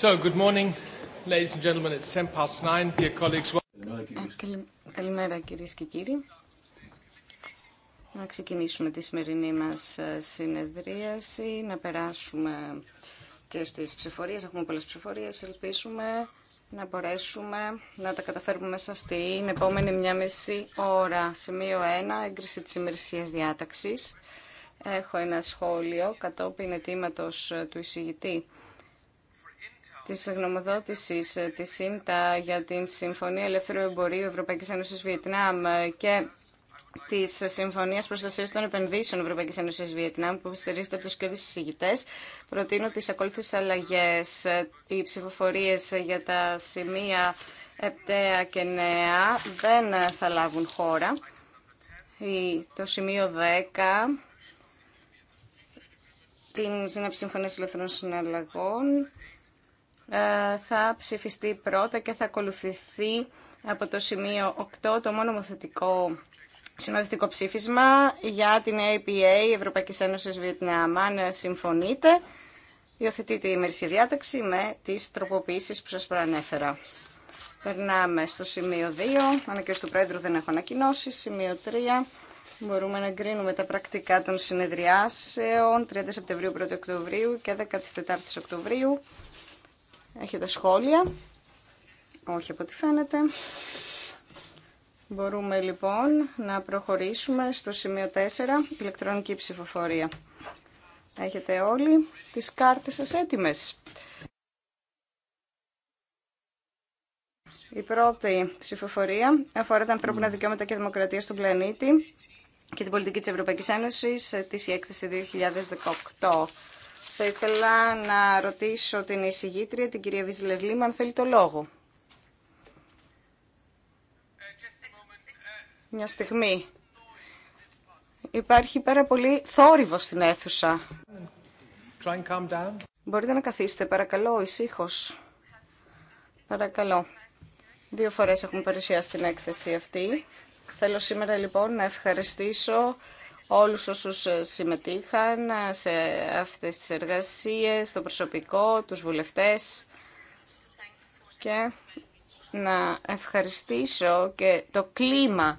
good morning, ladies and gentlemen. Καλημέρα κυρίες και κύριοι. Να ξεκινήσουμε τη σημερινή μας ε, συνεδρίαση, να περάσουμε και στις ψηφορίες. Έχουμε πολλές ψηφορίες, ελπίσουμε να μπορέσουμε να τα καταφέρουμε μέσα στην επόμενη μια μισή ώρα. Σημείο 1, έγκριση της ημερησίας διάταξης. Έχω ένα σχόλιο κατόπιν αιτήματος ε, του εισηγητή Τη γνωμοδότηση ε, τη ΣΥΝΤΑ για την Συμφωνία Ελεύθερου Εμπορίου Ευρωπαϊκή Ένωση Βιετνάμ και τη Συμφωνία Προστασία των Επενδύσεων Ευρωπαϊκή Ένωση Βιετνάμ, που υποστηρίζεται από του και συζητητέ, προτείνω τι ακόλουθε αλλαγέ. Ε, οι ψηφοφορίε για τα σημεία 7 και 9 δεν θα λάβουν χώρα. Το σημείο 10 την Σύναψη Συμφωνία Ελευθερών Συναλλαγών ε, θα ψηφιστεί πρώτα και θα ακολουθηθεί από το σημείο 8 το μόνο μοθετικό συνοδευτικό ψήφισμα για την APA Ευρωπαϊκής Ένωσης Βιετνάμ. Αν συμφωνείτε, υιοθετείτε η ημερησία διάταξη με τις τροποποιήσεις που σας προανέφερα. Περνάμε στο σημείο 2. Αν Ανακοίνωση του Πρόεδρου δεν έχω ανακοινώσει. Σημείο 3. Μπορούμε να εγκρίνουμε τα πρακτικά των συνεδριάσεων 30 Σεπτεμβρίου, 1 Οκτωβρίου και 14 Οκτωβρίου. Έχετε σχόλια. Όχι από ό,τι φαίνεται. Μπορούμε λοιπόν να προχωρήσουμε στο σημείο 4, ηλεκτρονική ψηφοφορία. Έχετε όλοι τις κάρτες σας έτοιμες. Η πρώτη ψηφοφορία αφορά τα ανθρώπινα δικαιώματα και δημοκρατία στον πλανήτη και την πολιτική της Ευρωπαϊκής Ένωσης, ε, της η έκθεση 2018. Θα ήθελα να ρωτήσω την εισηγήτρια, την κυρία Βιζλερλίμα, αν θέλει το λόγο. Μια στιγμή. Υπάρχει πάρα πολύ θόρυβο στην αίθουσα. Μπορείτε να καθίσετε, παρακαλώ, ησύχως. Παρακαλώ. Δύο φορές έχουμε παρουσιάσει την έκθεση αυτή. Θέλω σήμερα λοιπόν να ευχαριστήσω όλους όσους ε, συμμετείχαν ε, σε αυτές τις εργασίες, το προσωπικό, τους βουλευτές και να ευχαριστήσω και το κλίμα,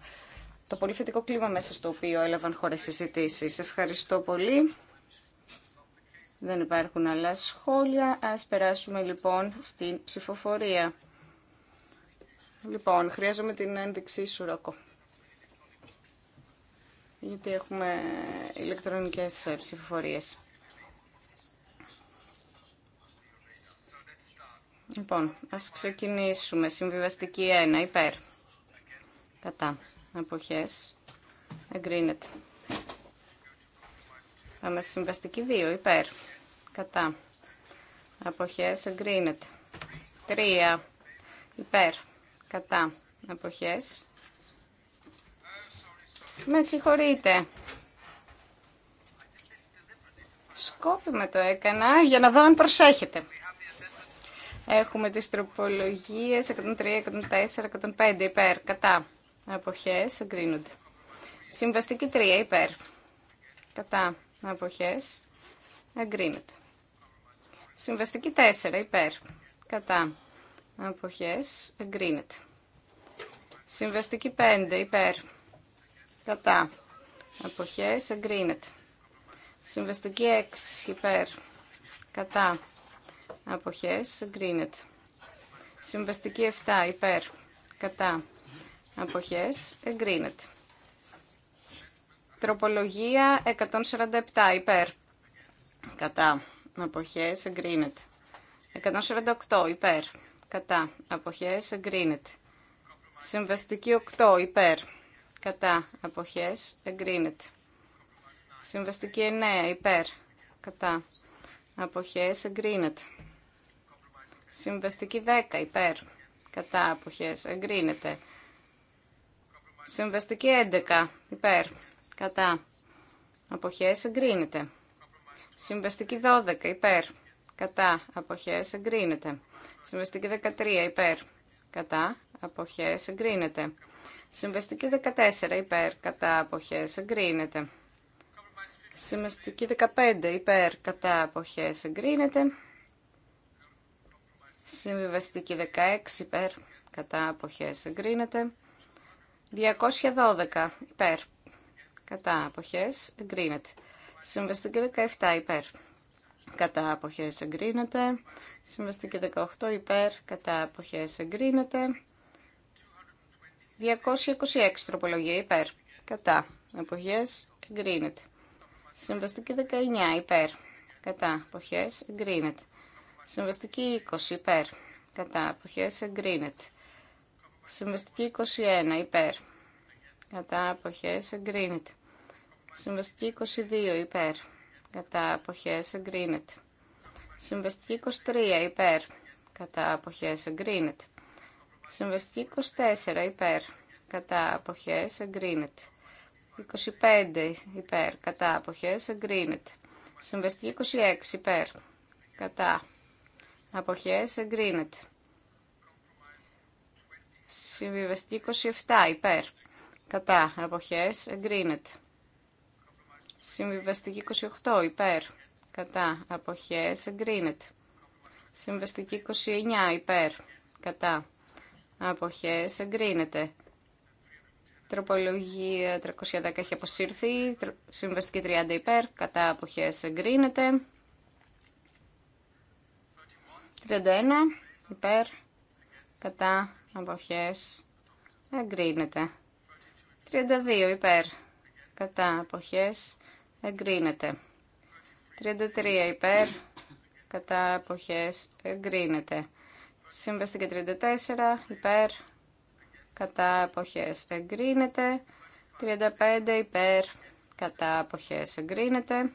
το πολύ θετικό κλίμα μέσα στο οποίο έλαβαν χώρα συζητήσει. Ευχαριστώ πολύ. Δεν υπάρχουν άλλα σχόλια. Ας περάσουμε λοιπόν στην ψηφοφορία. Λοιπόν, χρειάζομαι την ένδειξή σου, Ρόκο γιατί έχουμε ηλεκτρονικές ψηφοφορίες. Λοιπόν, ας ξεκινήσουμε. Συμβιβαστική 1, υπέρ. Κατά. Αποχές. Εγκρίνεται. Πάμε στη συμβαστική 2, υπέρ. Κατά. Αποχές. Εγκρίνεται. 3. Υπέρ. Κατά. Αποχές. Με συγχωρείτε. Σκόπιμα το έκανα για να δω αν προσέχετε. Έχουμε τις τροπολογίες 103, 104, 105 υπέρ, κατά. Αποχές, εγκρίνονται. Συμβαστική 3 υπέρ, κατά. Αποχές, εγκρίνονται. Συμβαστική 4 υπέρ, κατά. Αποχές, εγκρίνεται. Συμβαστική 5 υπέρ, κατά αποχές εγκρίνεται. Συμβαστική 6 υπέρ κατά αποχές εγκρίνεται. Συμβαστική 7 υπέρ κατά αποχές εγκρίνεται. Τροπολογία 147 υπέρ κατά αποχές εγκρίνεται. 148 υπέρ κατά αποχές εγκρίνεται. Συμβαστική 8 υπέρ κατά αποχές εγκρίνεται. Συμβαστική 9 υπέρ κατά αποχές εγκρίνεται. Συμβαστική 10 υπέρ κατά αποχές εγκρίνεται. Συμβαστική 11 υπέρ κατά αποχές εγκρίνεται. Συμβαστική 12 υπέρ κατά αποχές εγκρίνεται. Συμβαστική 13 υπέρ κατά αποχές εγκρίνεται. Συμβαστική 14 υπέρ κατά αποχές εγκρίνεται. Συμβαστική 15 υπέρ κατά αποχές εγκρίνεται. Συμβαστική 16 υπέρ κατά αποχές εγκρίνεται. 212 υπέρ κατά αποχές εγκρίνεται. Συμβαστική 17 υπέρ κατά αποχές εγκρίνεται. Συμβαστική 18 υπέρ κατά αποχές εγκρίνεται. 226 τροπολογία υπέρ. Κατά. εποχέ εγκρίνεται. Συμβαστική 19 υπέρ. Κατά. εποχέ, εγκρίνεται. Συμβαστική 20 υπέρ. Κατά. Εποχέ εγκρίνεται. Συμβαστική 21 υπέρ. Κατά. Εποχέ εγκρίνεται. Συμβαστική 22 υπέρ. Κατά. Εποχέ εγκρίνεται. Συμβαστική 23 υπέρ. Κατά. Εποχέ εγκρίνεται. Συμβαστική 24 υπέρ κατά αποχές εγκρίνεται. 25 υπέρ κατά αποχές εγκρίνεται. Συμβαστική 26 υπέρ κατά αποχές εγκρίνεται. Συμβιβαστική 27 υπέρ κατά αποχές εγκρίνεται. Συμβιβαστική 28 υπέρ κατά αποχές εγκρίνεται. Συμβαστική 29 υπέρ κατά αποχές εγκρίνεται. Τροπολογία 310 έχει αποσύρθει, συμβαστική 30 υπέρ, κατά αποχές εγκρίνεται. 31 υπέρ, κατά αποχές εγκρίνεται. 32 υπέρ, κατά αποχές εγκρίνεται. 33 υπέρ, κατά αποχές εγκρίνεται και 34 υπέρ κατά εποχές εγκρίνεται. 35 υπέρ κατά εποχές εγκρίνεται.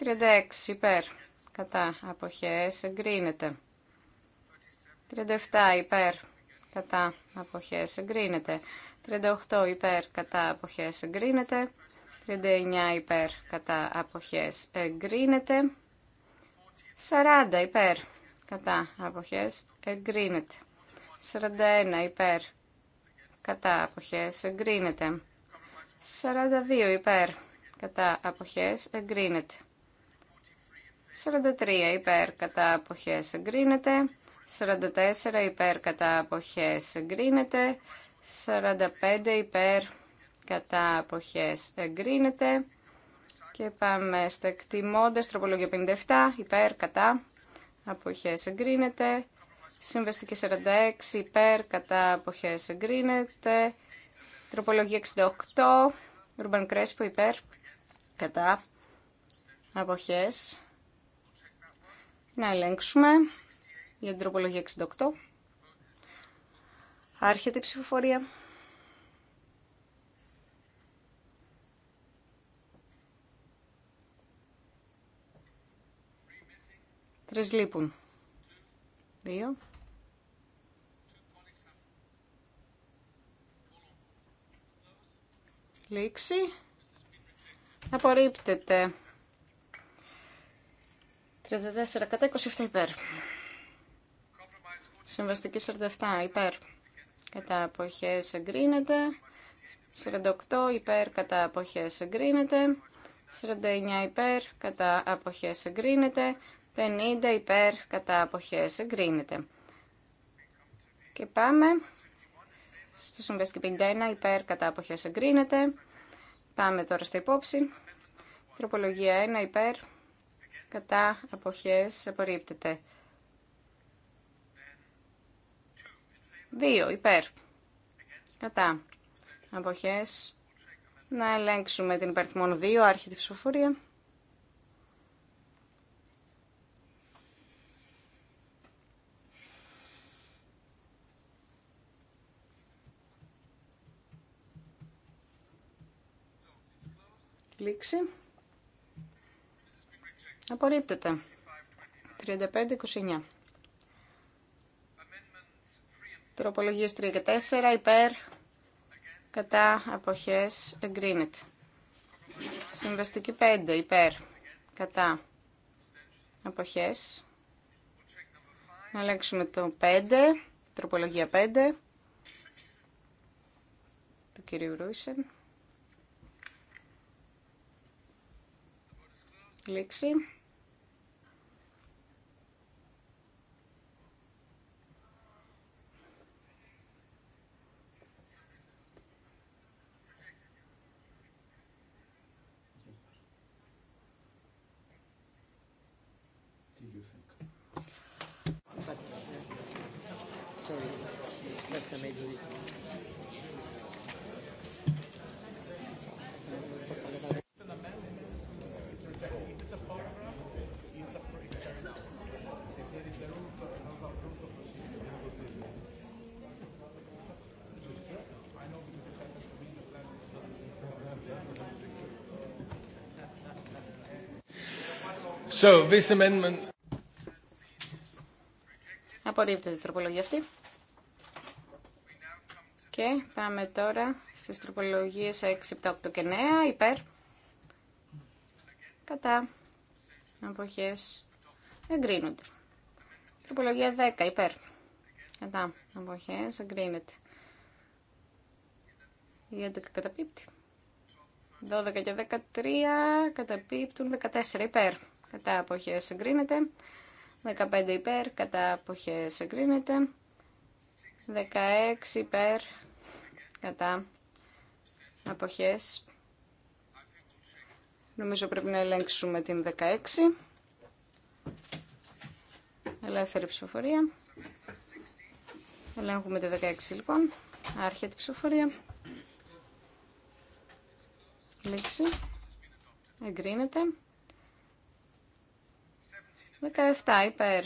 36 υπέρ κατά εποχές εγκρίνεται. 37 υπέρ κατά εποχές εγκρίνεται. 38 υπέρ κατά εποχές εγκρίνεται. 39 υπέρ κατά εποχές εγκρίνεται. 40 υπέρ κατά αποχές εγκρίνεται. 41 υπέρ κατά αποχές εγκρίνεται. 42 υπέρ κατά αποχές εγκρίνεται. 43 υπέρ κατά αποχές εγκρίνεται. 44 υπέρ κατά αποχές εγκρίνεται. 45 υπέρ κατά αποχές εγκρίνεται. Και πάμε στα εκτιμώντα. τροπολογία 57, υπέρ, κατά, Αποχέ εγκρίνεται. Συμβαστική 46, υπέρ, κατά, απόχέ εγκρίνεται. Τροπολογία 68, urban Κρέσπο, υπέρ, κατά, Αποχέ. Να ελέγξουμε για την τροπολογία 68. Άρχεται η ψηφοφορία. Τρεις λείπουν. Δύο. Λήξη. Απορρίπτεται. 34 κατά 27 υπέρ. Συμβαστική 47 υπέρ. Κατά αποχές εγκρίνεται. 48 υπέρ κατά αποχές εγκρίνεται. 49 υπέρ κατά αποχές εγκρίνεται. 50 υπέρ κατά αποχές εγκρίνεται. Και πάμε στη συμβέστη 51 υπέρ κατά αποχές εγκρίνεται. Πάμε τώρα στα υπόψη. Τροπολογία 1 υπέρ κατά αποχές απορρίπτεται. 2 υπέρ κατά αποχές να ελέγξουμε την υπαριθμόν 2 άρχη ψηφοφορία. απορριπτεται Απορρίπτεται. 35-29. Τροπολογίες 3 και 4 υπέρ κατά αποχές εγκρίνεται. Συμβαστική 5 υπέρ κατά αποχές. Να αλλάξουμε το 5, τροπολογία 5 του κυρίου Ρούισεν. Λήξη. So, this amendment... Απορρίπτεται η τροπολογία αυτή. Και πάμε τώρα στις τροπολογίες 6, 7, 8 και 9, υπέρ. Κατά. Αποχές εγκρίνονται. Τροπολογία 10, υπέρ. Κατά. Αποχές εγκρίνεται. Η 11 καταπίπτει. 12 και 13 καταπίπτουν 14, υπέρ κατά αποχές εγκρίνεται. 15 υπέρ, κατά αποχές εγκρίνεται. 16 υπέρ, κατά αποχές. Νομίζω πρέπει να ελέγξουμε την 16. Ελεύθερη ψηφοφορία. Ελέγχουμε την 16 λοιπόν. Άρχεται η ψηφοφορία. Λήξη. Εγκρίνεται. 17 υπέρ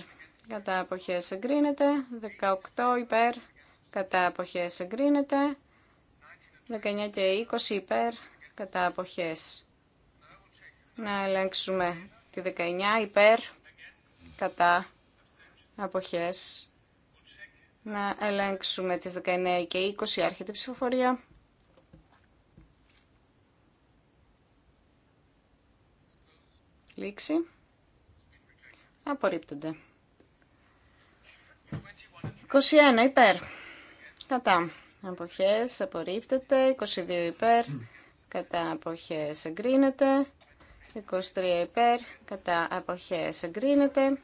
κατά αποχές εγκρίνεται, 18 υπέρ κατά αποχές εγκρίνεται, 19 και 20 υπέρ κατά αποχές. Να ελέγξουμε τη 19 υπέρ κατά αποχές. Να ελέγξουμε τις 19 και 20 άρχεται η ψηφοφορία. Λήξη. Απορρίπτονται. 21 υπέρ. Κατά. Αποχές απορρίπτεται. 22 υπέρ. Κατά αποχές εγκρίνεται. 23 υπέρ. Κατά αποχές εγκρίνεται.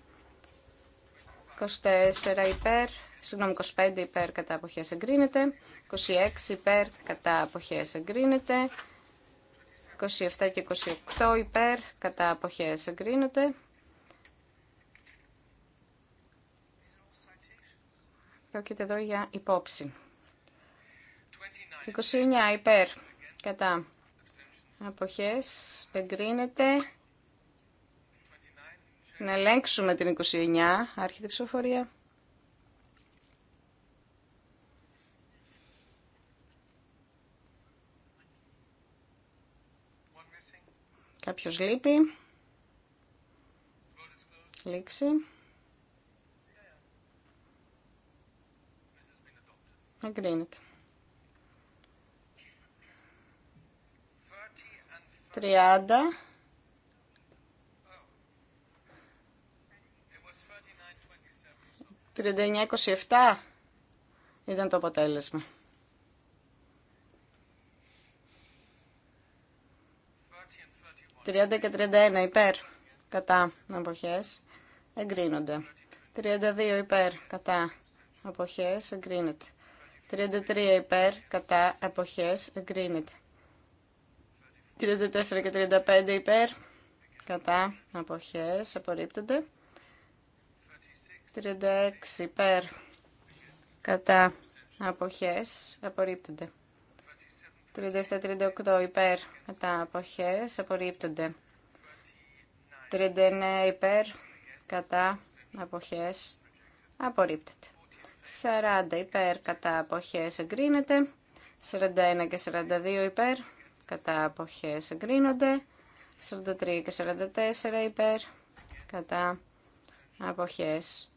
24 υπέρ. Συγγνώμη, 25 υπέρ κατά αποχές εγκρίνεται. 26 υπέρ κατά αποχές εγκρίνεται. 27 και 28 υπέρ κατά αποχές εγκρίνεται. Πρόκειται εδώ για υπόψη. 29 υπέρ κατά αποχές εγκρίνεται. Να ελέγξουμε την 29. Άρχεται ψηφοφορία. Κάποιος λείπει. Λήξη. Εγκρίνεται. 30. 39,27 ήταν το αποτέλεσμα. 30 και 31 υπέρ κατά αποχές εγκρίνονται. 32 υπέρ κατά αποχές εγκρίνεται. 33 υπέρ κατά εποχές, εγκρίνεται. 34 και 35 υπέρ κατά εποχές, απορρίπτονται. 36 υπέρ εποχές, αποχές απορρίπτονται. 37-38 υπέρ κατά εποχές, απορρίπτονται. 39 υπέρ κατά εποχές, απορρίπτεται. 40 υπέρ κατά αποχές εγκρίνεται. 41 και 42 υπέρ κατά αποχές εγκρίνονται. 43 και 44 υπέρ κατά αποχές.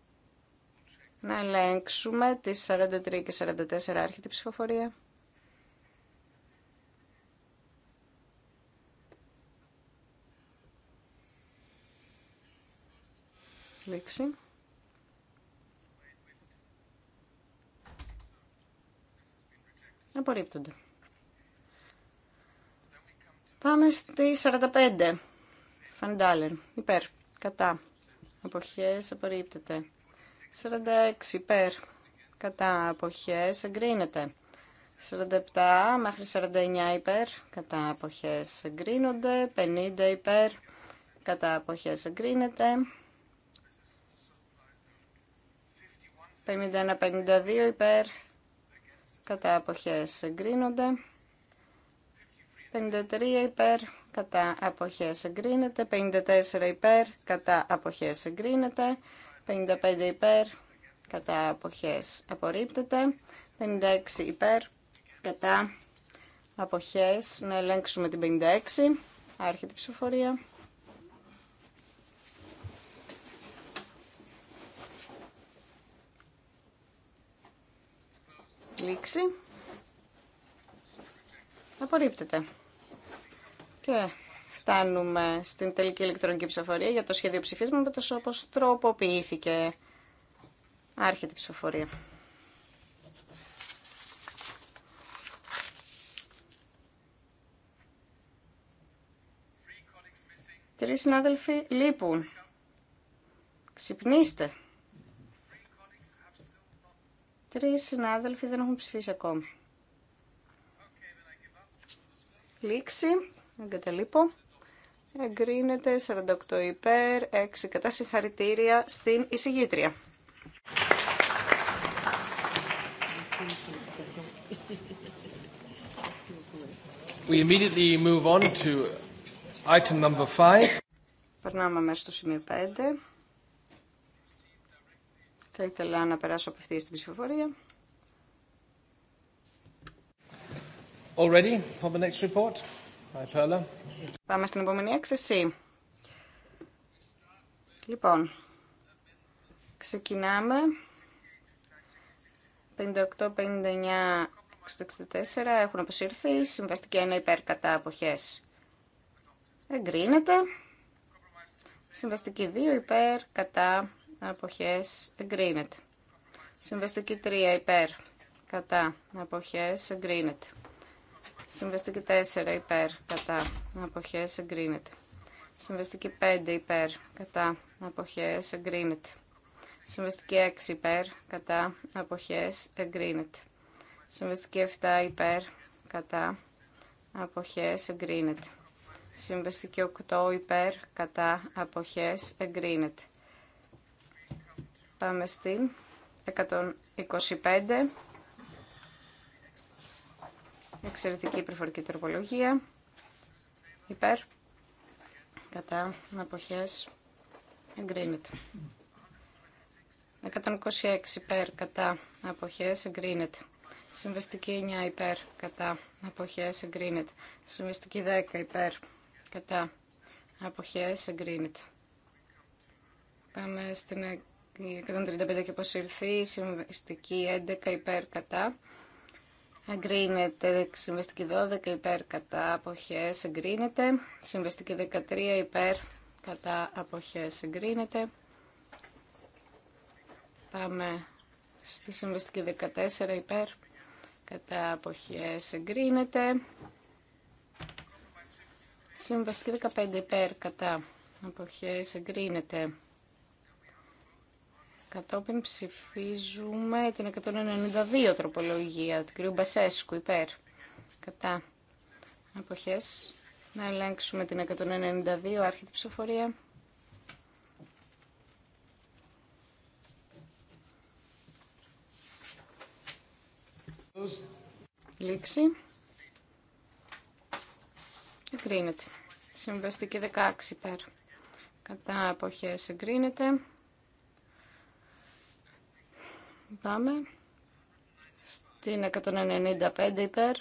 Να ελέγξουμε τις 43 και 44 άρχεται ψηφοφορία. Λήξη. Απορρίπτονται. Πάμε στη 45. Φαντάλερ. Υπέρ. Κατά. Αποχές. Απορρίπτεται. 46. Υπέρ. Κατά. Αποχές. Εγκρίνεται. 47 μέχρι 49 υπέρ. Κατά. Αποχές. Εγκρίνονται. 50 υπέρ. Κατά. Αποχές. Εγκρίνεται. 51-52 υπέρ κατά εποχές εγκρίνονται. 53 υπέρ, κατά αποχές εγκρίνεται. 54 υπέρ, κατά αποχές εγκρίνεται. 55 υπέρ, κατά αποχές απορρίπτεται. 56 υπέρ, κατά αποχές. Να ελέγξουμε την 56. Άρχεται η ψηφοφορία. Λήξη. Απορρίπτεται. Και φτάνουμε στην τελική ηλεκτρονική ψηφοφορία για το σχέδιο ψηφίσματος όπως τροποποιήθηκε. Άρχεται η ψηφοφορία. Τρεις συνάδελφοι λείπουν. Ξυπνήστε. Τρεις συνάδελφοι δεν έχουν ψηφίσει ακόμα. Λήξη. Εγκαταλείπω. Εγκρίνεται 48 υπέρ, 6 κατά συγχαρητήρια στην εισηγήτρια. We immediately move on to item number Περνάμε μέσα στο σημείο 5. Θα ήθελα να περάσω απευθείας στην ψηφοφορία. Already on Πάμε στην επόμενη έκθεση. Λοιπόν, ξεκινάμε. 58, 59, 64 έχουν αποσύρθει. Συμβαστική 1 υπέρ κατά αποχές. Εγκρίνεται. Συμβαστική 2 υπέρ κατά αποχές εγκρίνεται. Συμβαστική 3 υπέρ κατά αποχές εγκρίνεται. Συμβαστική 4 υπέρ κατά αποχές εγκρίνεται. Συμβαστική 5 υπέρ κατά αποχές εγκρίνεται. Συμβαστική 6 υπέρ κατά αποχές εγκρίνεται. Συμβαστική 7 υπέρ κατά αποχές εγκρίνεται. Συμβαστική 8 υπέρ κατά αποχές εγκρίνεται. Πάμε στην 125. Εξαιρετική προφορική τροπολογία. Υπέρ. Κατά. Αποχές. Εγκρίνεται. 126 υπέρ κατά αποχές εγκρίνεται. Συμβεστική 9 υπέρ κατά αποχές εγκρίνεται. Συμβεστική 10 υπέρ κατά αποχές εγκρίνεται. Πάμε στην 135 και αποσυρθεί, συμβαστική 11 υπέρ κατά. Εγκρίνεται συμβαστική 12 υπέρ κατά αποχές εγκρίνεται. Συμβαστική 13 υπέρ κατά αποχές εγκρίνεται. Πάμε στη συμβαστική 14 υπέρ κατά αποχές εγκρίνεται. Συμβαστική 15 υπέρ κατά αποχές εγκρίνεται. Κατόπιν ψηφίζουμε την 192 τροπολογία του κ. Μπασέσκου υπέρ. Κατά. εποχές. Να ελέγξουμε την 192 άρχιτη ψηφοφορία. Λήξη. Εγκρίνεται. Συμβαστική 16 υπέρ. Κατά εποχές εγκρίνεται. Πάμε στην 195 υπέρ.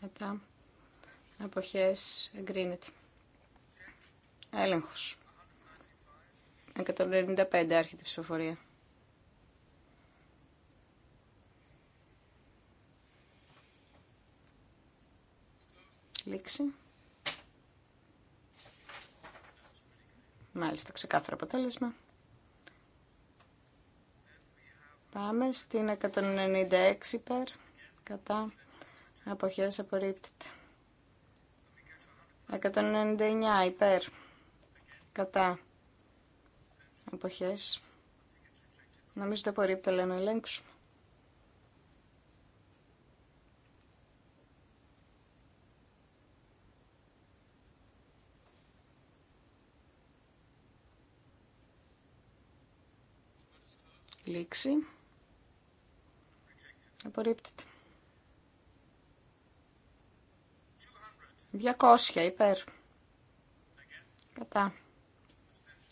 Κατά αποχές εγκρίνεται. Έλεγχος. 195 έρχεται η ψηφοφορία. Λήξη. Μάλιστα, ξεκάθαρο αποτέλεσμα. Πάμε στην 196 περ, κατά αποχές απορρίπτεται. 199 υπέρ, κατά αποχές. Νομίζω το απορρίπτεται, αλλά να ελέγξουμε. Λήξη. Απορρίπτεται. 200 υπέρ. Κατά.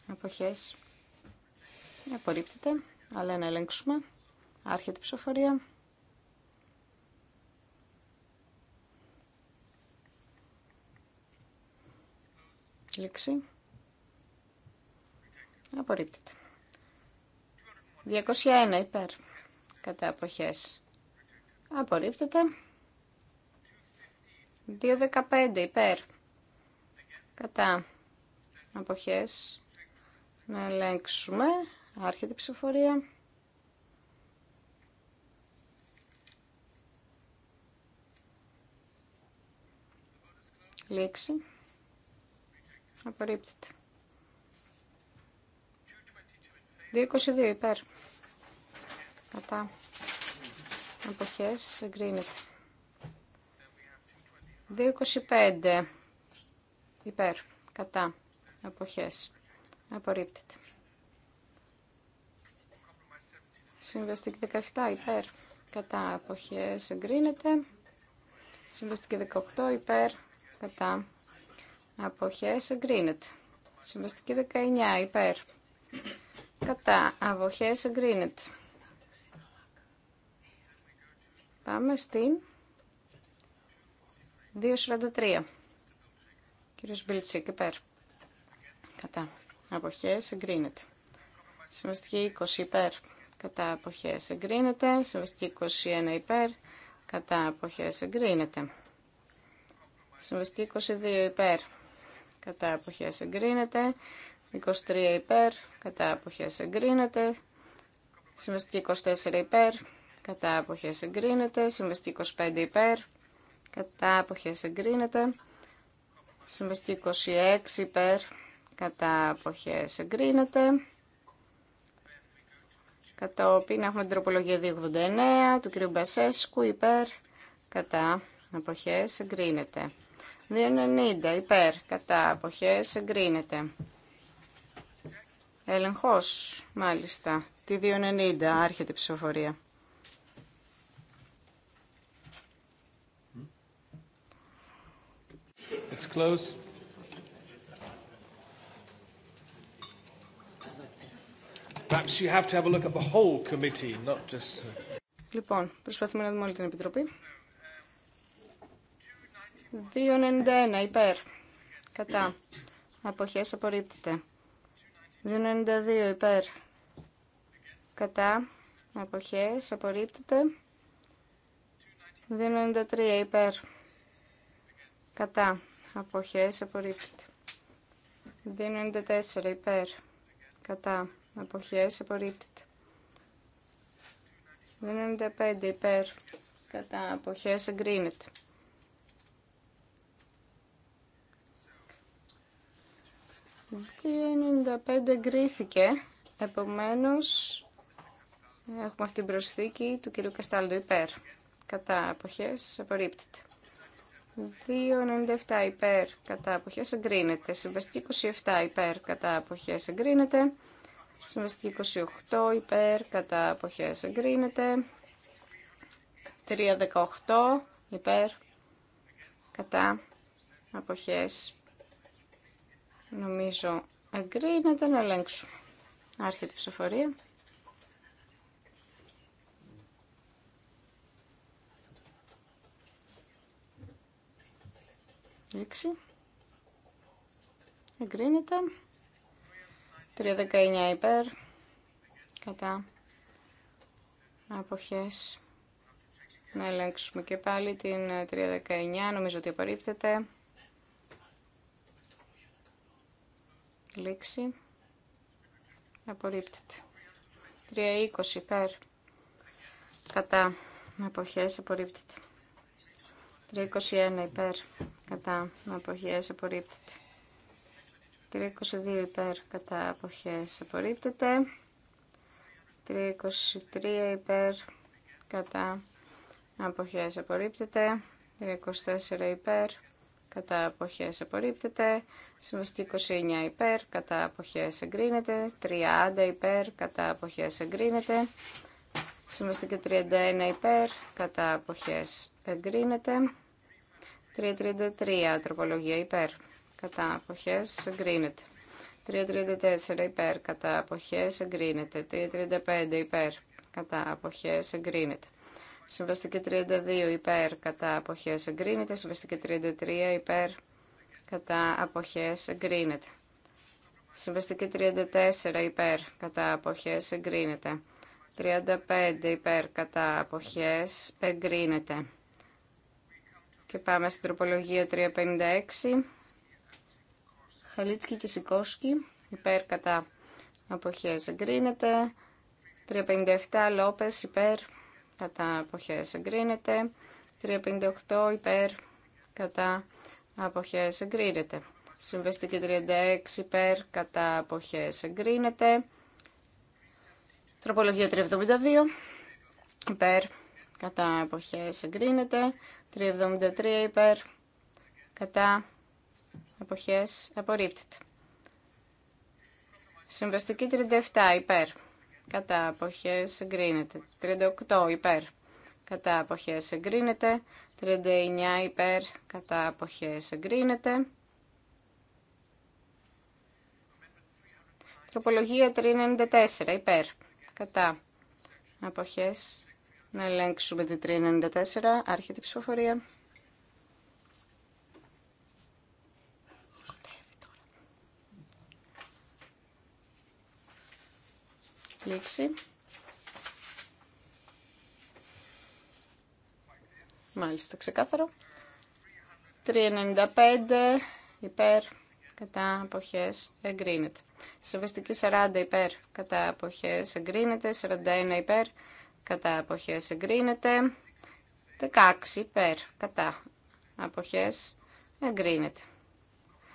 Εποχές. Απορρίπτεται. Αλλά να ελέγξουμε. Άρχεται η ψηφοφορία. Λήξη. Απορρίπτεται. 201 υπέρ. Κατά εποχές. Απορρίπτεται. 2.15 υπέρ. Κατά. Αποχές. Να ελέγξουμε. Άρχεται η ψηφορία. Λήξη. Απορρίπτεται. 2.22 υπέρ. Κατά. Αποχές εγκρίνεται. 2.25 υπέρ, κατά, αποχές, απορρίπτεται. Συμβαστική 17 υπέρ, κατά, αποχές, εγκρίνεται. Συμβαστική 18 υπέρ, κατά, αποχές, εγκρίνεται. Συμβαστική 19 υπέρ, κατά, αποχές, εγκρίνεται. Πάμε στην 2.43. Κύριος και πέρα Κατά. Αποχές, εγκρίνεται. Συμβαστική 20 υπέρ. Κατά αποχές εγκρίνεται. Συμβαστική 21 υπέρ. Κατά αποχές εγκρίνεται. Συμβαστική 22 υπέρ. Κατά αποχές εγκρίνεται. 23 υπέρ. Κατά αποχές εγκρίνεται. Συμβαστική 24 υπέρ κατά αποχές εγκρίνεται, Συμβαστή 25 υπέρ, κατά αποχές εγκρίνεται, Συμβαστή 26 υπέρ, κατά αποχές εγκρίνεται, κατόπιν έχουμε την τροπολογία 289 του κ. Μπασέσκου υπέρ, κατά αποχές εγκρίνεται. 290 υπέρ, κατά αποχές εγκρίνεται. Έλεγχος, μάλιστα. Τη 290 άρχεται η ψηφοφορία. It's closed. Perhaps you have to have a look at the whole committee, not just... Uh, λοιπόν, προσπαθούμε να δούμε όλη την Επιτροπή. 2,91 υπέρ. Κατά. Αποχές απορρίπτεται. 2,92 υπέρ. Κατά. Αποχές απορρίπτεται. 2,93 υπέρ. Κατά αποχές απορρίπτεται. 294 υπέρ κατά αποχές απορρίπτεται. 295 υπέρ κατά αποχές 2.95 D95 εγκρίθηκε, επομένως έχουμε αυτή την προσθήκη του κ. Καστάλντο υπέρ. Κατά αποχές απορρίπτεται. 2,97 υπέρ κατά αποχές εγκρίνεται. Συμβαστική 27 υπέρ κατά αποχές εγκρίνεται. Συμβαστική 28 υπέρ κατά αποχές εγκρίνεται. 3,18 υπέρ κατά αποχές νομίζω εγκρίνεται να ελέγξουμε. Άρχεται η ψηφοφορία. 6. Εγκρίνεται. 319 υπέρ. Κατά. Αποχές. Να ελέγξουμε και πάλι την 319. Νομίζω ότι απορρίπτεται. Λήξη. Απορρίπτεται. 320 υπέρ. Κατά. Αποχές. Απορρίπτεται. 321 υπέρ κατά αποχές απορρίπτεται. 322 υπέρ κατά αποχές απορρίπτεται. 323 υπέρ κατά αποχές απορρίπτεται. 324 υπέρ κατά αποχές απορρίπτεται, συμβαστή 29 υπέρ, κατά αποχές εγκρίνεται, 30 υπέρ, κατά αποχές εγκρίνεται, συμβαστή 31 υπέρ, κατά αποχές εγκρίνεται, 333 τροπολογία υπέρ κατά αποχές εγκρίνεται. 334 υπέρ κατά αποχές εγκρίνεται. 335 υπέρ κατά αποχές εγκρίνεται. Συμβαστική 32 υπέρ κατά αποχές εγκρίνεται. Συμβαστική 33 υπέρ κατά αποχές εγκρίνεται. Συμβαστική 34 υπέρ κατά αποχές εγκρίνεται. 35 υπέρ κατά αποχές εγκρίνεται. Και πάμε στην τροπολογία 356. Χαλίτσκι και Σικόσκι. Υπέρ κατά αποχέ εγκρίνεται. 357 Λόπες υπέρ κατά αποχέ εγκρίνεται. 358 υπέρ κατά αποχέ εγκρίνεται. Συμβεστική 36 υπέρ κατά αποχέ εγκρίνεται. Τροπολογία 372 υπέρ κατά εποχές εγκρίνεται, 373 υπέρ, κατά εποχές απορρίπτεται. Συμβαστική 37 υπέρ, κατά εποχές εγκρίνεται, 38 υπέρ, κατά εποχές εγκρίνεται, 39 υπέρ, κατά εποχές εγκρίνεται. Τροπολογία 394 υπέρ, κατά εποχές να ελέγξουμε την 394, άρχεται η ψηφοφορία. Λήξη. Μάλιστα, ξεκάθαρο. 395 υπέρ κατά αποχές εγκρίνεται. Συμβαστική 40 υπέρ κατά αποχές εγκρίνεται. 41 υπέρ κατά αποχές εγκρίνεται. 16 υπέρ κατά αποχές εγκρίνεται.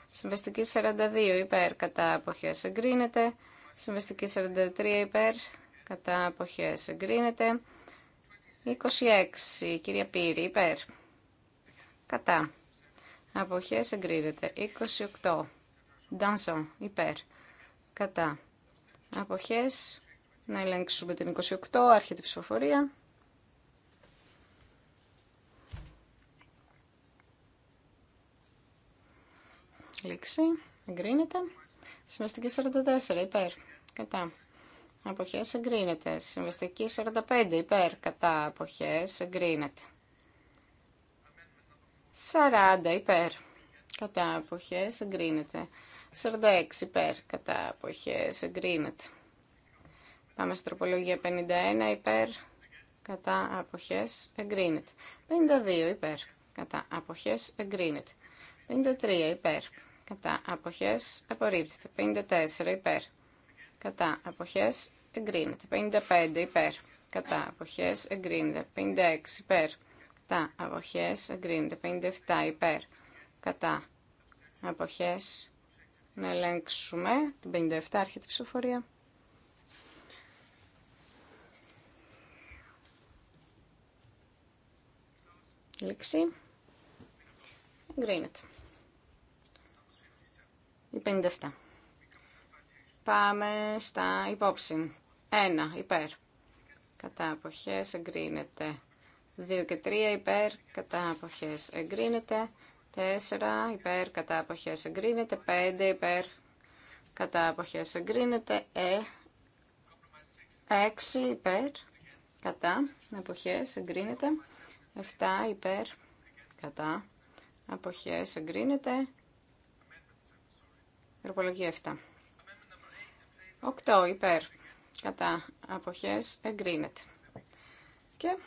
Συμβεστική 42 υπέρ κατά αποχές εγκρίνεται. Συμβεστική 43 υπέρ κατά αποχές εγκρίνεται. 26 κυρία Πύρη υπέρ κατά αποχές εγκρίνεται. 28 Ντάνσον υπέρ κατά αποχές να ελέγξουμε την 28, άρχεται η ψηφοφορία. Λήξη, εγκρίνεται. Συμβαστική 44, υπέρ, κατά. Αποχές εγκρίνεται. Συμβαστική 45, υπέρ, κατά. Αποχές εγκρίνεται. 40, υπέρ, κατά. Αποχές εγκρίνεται. 46, υπέρ, κατά. Αποχές εγκρίνεται. Πάμε στην τροπολογία 51 υπέρ κατά αποχές εγκρίνεται. 52 υπέρ κατά αποχές εγκρίνεται. 53 υπέρ κατά αποχές απορρίπτεται. 54 υπέρ κατά αποχές εγκρίνεται. 55 υπέρ κατά αποχές εγκρίνεται. 56 υπέρ κατά αποχές εγκρίνεται. 57 υπέρ κατά αποχές να ελέγξουμε την 57 η ψηφοφορία. Λήξη. Εγκρίνεται. Η 57. Πάμε στα υπόψη. 1. Υπέρ. Κατά αποχές εγκρίνεται. 2 και 3 υπέρ κατά αποχές εγκρίνεται. 4 υπέρ κατά αποχές εγκρίνεται. 5 υπέρ κατά αποχές εγκρίνεται. Ε, 6 υπέρ κατά αποχές εγκρίνεται. 7 υπέρ κατά αποχές εγκρίνεται ερπολογία 7 8 υπέρ κατά αποχές εγκρίνεται και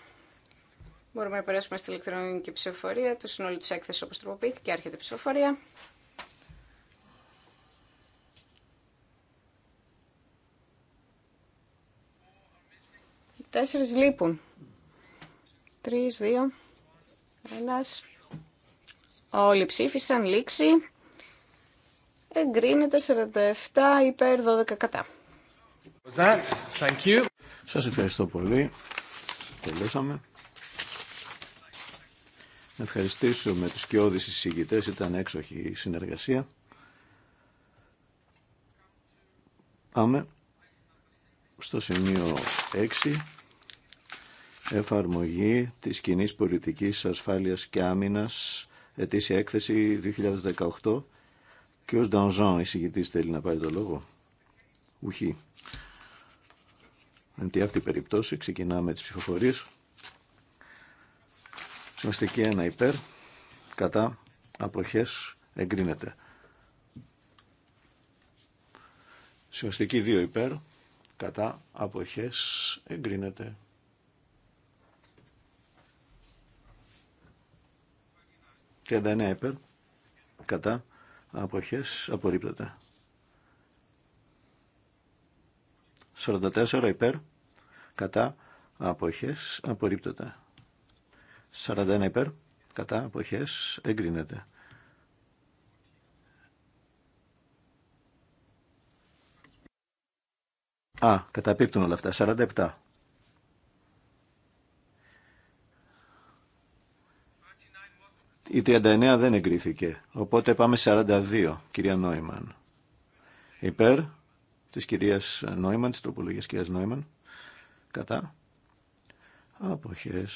μπορούμε να περάσουμε στην ηλεκτρονική ψηφοφορία του συνόλου της έκθεσης όπως τροποποιήθηκε έρχεται η ψηφοφορία Τέσσερις λείπουν. Τρεις, δύο, ένας. Όλοι ψήφισαν, λήξη. Εγκρίνεται 47 υπέρ 12 κατά. Thank Σας ευχαριστώ πολύ. Τελειώσαμε. Να ευχαριστήσουμε τους κοιόδης εισηγητές, ήταν έξοχη η συνεργασία. Πάμε στο σημείο 6 εφαρμογή της κοινή πολιτικής ασφάλειας και άμυνας ετήσια έκθεση 2018 και ως Ντανζόν εισηγητής θέλει να πάρει το λόγο. Ουχή. Εν τη αυτή περιπτώσει ξεκινάμε τις ψηφοφορίες. Συμβαστική ένα υπέρ, κατά, αποχές, εγκρίνεται. Συμβαστική 2 υπέρ, κατά, αποχές, εγκρίνεται. 39 υπέρ. Κατά. Αποχές. Απορρίπτεται. 44 υπέρ. Κατά. Αποχές. Απορρίπτεται. 41 υπέρ. Κατά. Αποχές. Εγκρίνεται. Α, καταπίπτουν όλα αυτά. 47. Η 39 δεν εγκρίθηκε, οπότε πάμε 42, κυρία Νόημαν. Υπέρ της κυρίας Νόημαν, της τροπολογίας κυρίας Νόημαν. Κατά. Αποχές.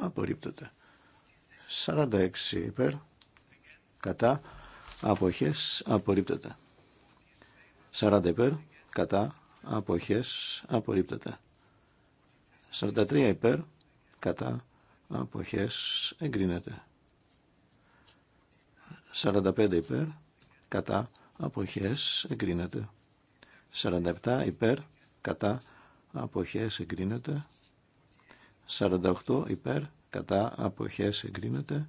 Απορρίπτεται. 46 υπέρ. Κατά. Αποχές. Απορρίπτεται. 40 υπέρ. Κατά. Αποχές. Απορρίπτεται. 43 υπέρ. Κατά. Αποχές. Εγκρίνεται. 45 υπέρ, κατά, αποχές, εγκρίνεται. 47 υπέρ, κατά, αποχές, εγκρίνεται. 48 υπέρ, κατά, αποχές, εγκρίνεται.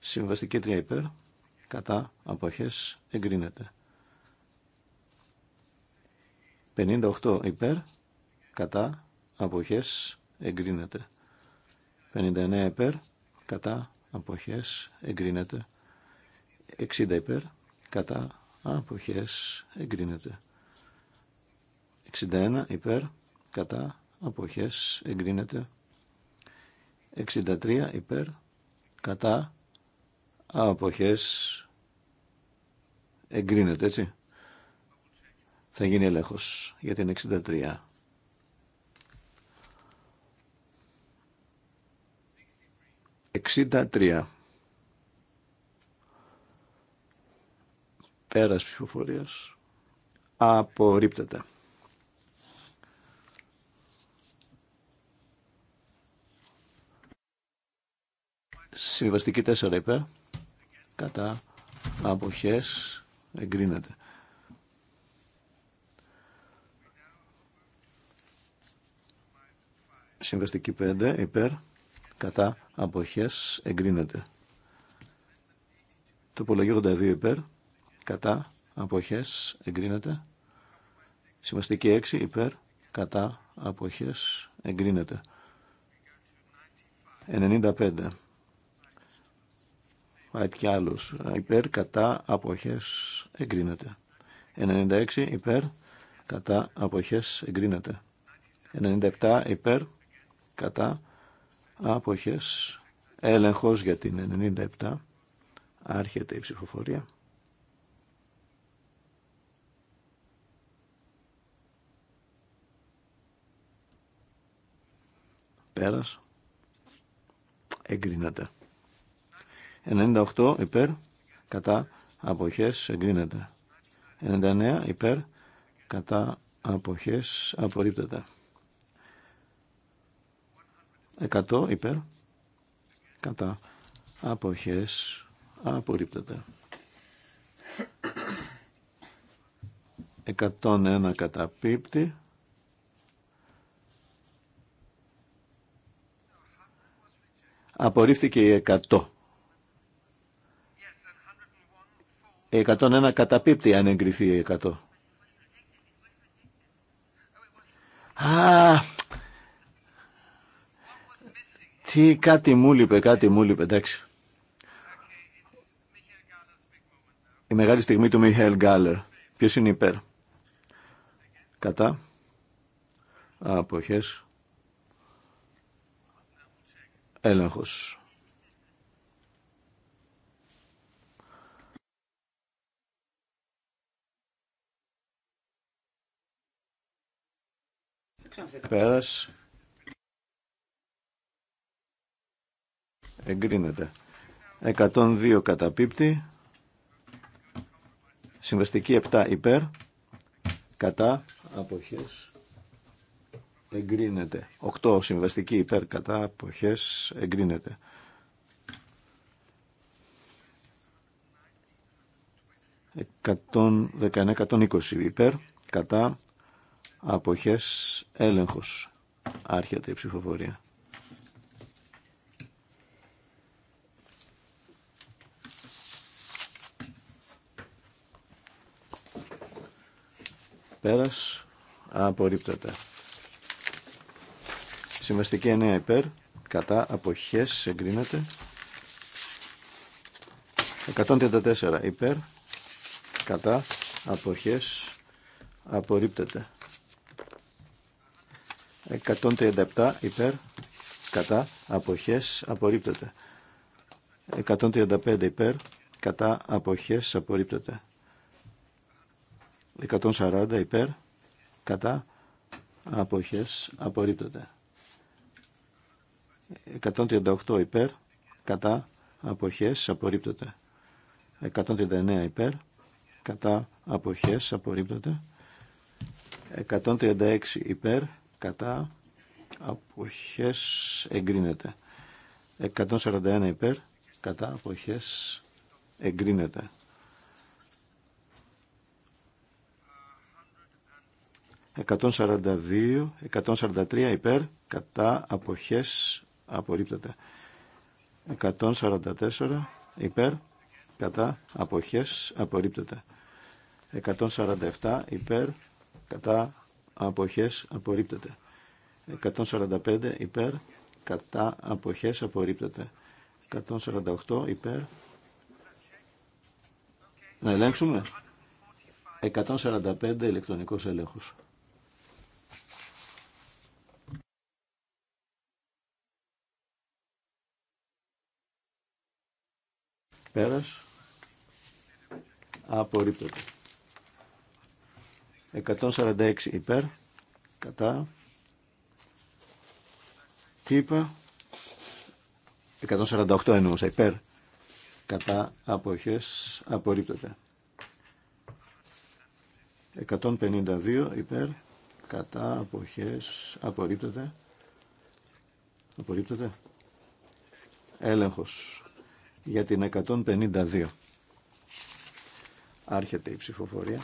Συμβαστική 3 υπέρ, κατά, αποχές, εγκρίνεται. 58 υπέρ, κατά, αποχές, εγκρίνεται. 59 υπέρ, κατά, αποχές, εγκρίνεται. 60 υπέρ, κατά, αποχές, εγκρίνεται. 61 υπέρ, κατά, αποχές, εγκρίνεται. 63 υπέρ, κατά, αποχές, εγκρίνεται, έτσι. Θα γίνει ελέγχος για την 63. 63. Πέρας ψηφοφορίας. Απορρίπτεται. Συμβαστική 4 υπέρ. Κατά αποχές εγκρίνεται. Συμβαστική 5 υπέρ. Κατά αποχές εγκρίνεται. Τοπολογία 82 υπέρ κατά, αποχές, εγκρίνεται. Συμβαστική 6 υπέρ, κατά, αποχές, εγκρίνεται. 95. Πάει και άλλος. Υπέρ, κατά, αποχές, εγκρίνεται. 96 υπέρ, κατά, αποχές, εγκρίνεται. 97 υπέρ, κατά, αποχές, έλεγχος για την 97. Άρχεται η ψηφοφορία. Πέρας. Εγκρίνεται. 98 υπέρ. Κατά αποχές εγκρίνεται. 99 υπέρ. Κατά αποχές απορρίπτεται. 100 υπέρ. Κατά αποχές απορρίπτεται. 101 καταπίπτει. Απορρίφθηκε η 100. Η 101 καταπίπτει αν εγκριθεί η 100. Α, τι κάτι μου λείπε, κάτι μου λείπε, εντάξει. Η μεγάλη στιγμή του Μιχαήλ Γκάλερ. Ποιος είναι υπέρ. Κατά. Αποχές έλεγχος. Πέρας. Εγκρίνεται. 102 καταπίπτει. Συμβαστική 7 υπέρ. Κατά. Αποχές εγκρίνεται. οκτω συμβαστική υπέρ κατά αποχές εγκρίνεται. 119-120 υπέρ κατά αποχές έλεγχος. Άρχεται η ψηφοφορία. Πέρας απορρίπτεται. Συμβαστική 9 υπέρ, κατά αποχές εγκρίνεται. 134 υπέρ, κατά αποχές απορρίπτεται. 137 υπέρ, κατά αποχές απορρίπτεται. 135 υπέρ, κατά αποχές απορρίπτεται. 140 υπέρ, κατά αποχές απορρίπτεται. 138 υπέρ, κατά αποχές απορρίπτεται. 139 υπέρ, κατά αποχές απορρίπτωτε. 136 υπέρ, κατά αποχές εγκρίνεται. 141 υπέρ, κατά αποχές εγκρίνεται. 142, 143 υπέρ, κατά αποχές απορρίπτεται. 144 υπέρ κατά αποχές απορρίπτεται. 147 υπέρ κατά αποχές απορρίπτεται. 145 υπέρ κατά αποχές απορρίπτεται. 148 υπέρ να ελέγξουμε 145 ηλεκτρονικός έλεγχος. Πέρας. Απορρίπτεται. 146 υπέρ. Κατά. Τι 148 εννοούσα υπέρ. Κατά αποχές απορρίπτεται. 152 υπέρ. Κατά αποχές απορρίπτεται. Απορρίπτεται. Έλεγχος για την 152. Άρχεται η ψηφοφορία.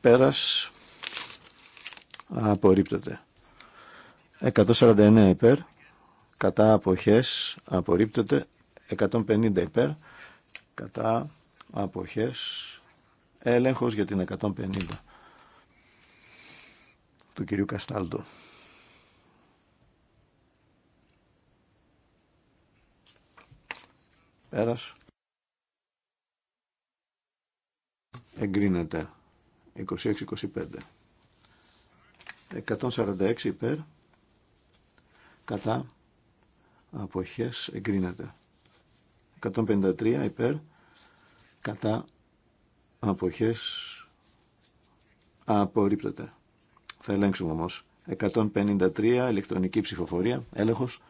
Πέρας απορρίπτεται. 149 υπέρ, κατά αποχές απορρίπτεται. 150 υπέρ, κατά αποχές έλεγχος για την 150 του κυρίου Καστάλτο. Πέρας. Εγκρίνεται. 26-25. 146 υπέρ. Κατά. Αποχές εγκρίνεται. 153 υπέρ. Κατά. Αποχές απορρίπτεται. Θα ελέγξουμε όμως. 153 ηλεκτρονική ψηφοφορία. Έλεγχος.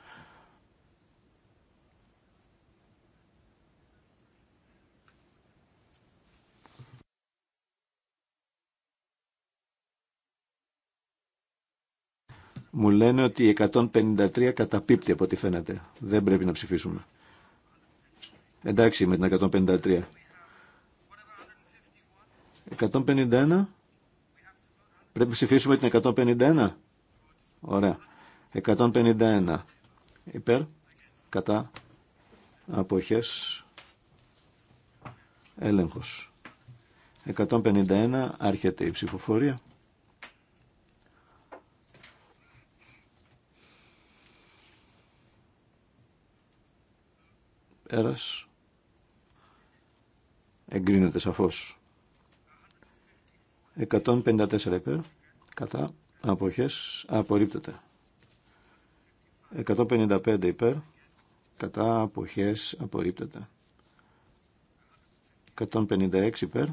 Μου λένε ότι 153 καταπίπτει από ό,τι φαίνεται. Δεν πρέπει να ψηφίσουμε. Εντάξει με την 153. 151. Πρέπει να ψηφίσουμε την 151. Ωραία. 151. Υπέρ. Κατά. Αποχές. Έλεγχος. 151. Άρχεται η ψηφοφορία. Έρας. Εγκρίνεται σαφώς. 154 υπέρ. Κατά. Αποχές. Απορρίπτεται. 155 υπέρ. Κατά. Αποχές. Απορρίπτεται. 156 υπέρ.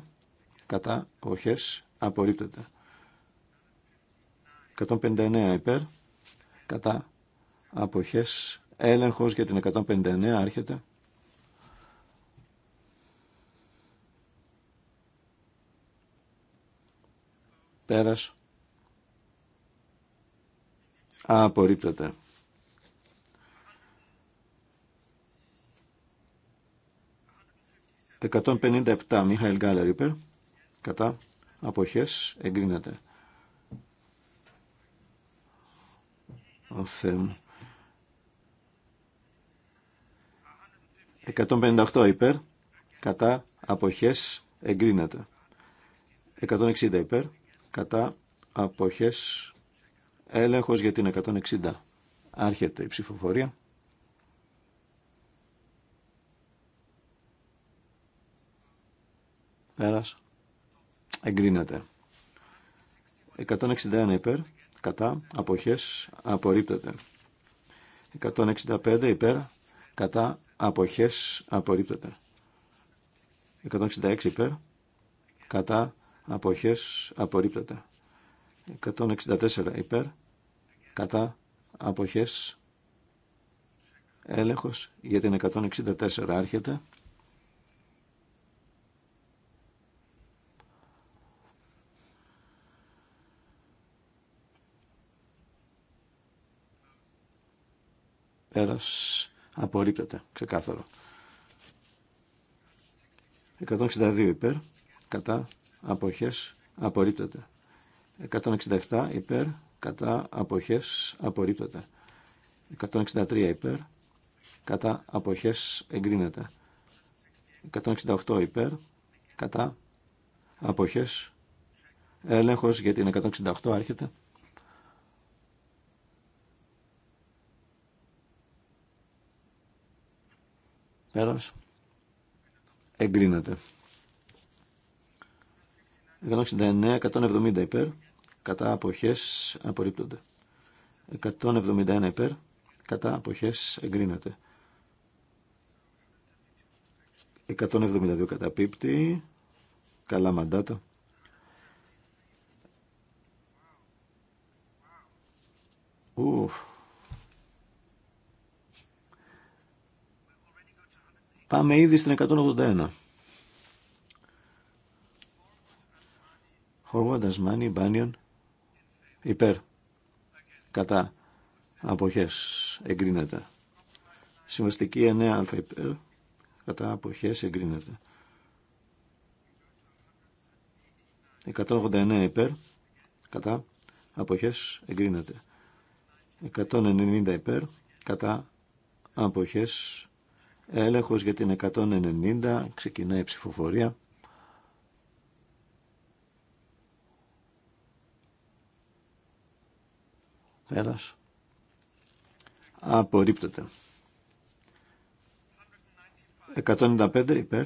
Κατά. Αποχές. Απορρίπτεται. 159 υπέρ. Κατά. Αποχές. Έλεγχος για την 159 άρχεται. Πέρας. Α, απορρίπτεται. Εκατόν Μιχαήλ Γκάλερ υπέρ. Κατά. Αποχές. Εγκρίνεται. Ο 158 υπέρ. Κατά. Αποχές. Εγκρίνεται. 160 υπέρ κατά αποχές έλεγχος για την 160. Άρχεται η ψηφοφορία. Πέρας. Εγκρίνεται. 161 υπέρ, κατά, αποχές, απορρίπτεται. 165 υπέρ, κατά, αποχές, απορρίπτεται. 166 υπέρ, κατά, αποχές απορρίπτεται. 164 υπέρ, κατά αποχές έλεγχος για την 164 άρχεται. Πέρας απορρίπτεται, ξεκάθαρο. 162 υπέρ, κατά αποχές απορρίπτεται. 167 υπέρ κατά αποχές απορρίπτεται. 163 υπέρ κατά αποχές εγκρίνεται. 168 υπέρ κατά αποχές έλεγχος για την 168 άρχεται. Πέρας. Εγκρίνεται. 169, 170 υπέρ, κατά αποχές απορρίπτονται. 171 υπέρ, κατά αποχές εγκρίνεται. 172 καταπίπτει, καλά μαντάτα. Πάμε ήδη στην 181. Φοργόντας Μάνι, Μπάνιον, υπέρ, κατά, αποχές, εγκρίνεται. Συμβαστική 9α υπέρ, κατά, αποχές, εγκρίνεται. 189 υπέρ, κατά, αποχές, εγκρίνεται. 190 υπέρ, κατά, αποχές, έλεγχος για την 190, ξεκινάει η ψηφοφορία. Πέρας. Απορρίπτεται. 195 υπέρ.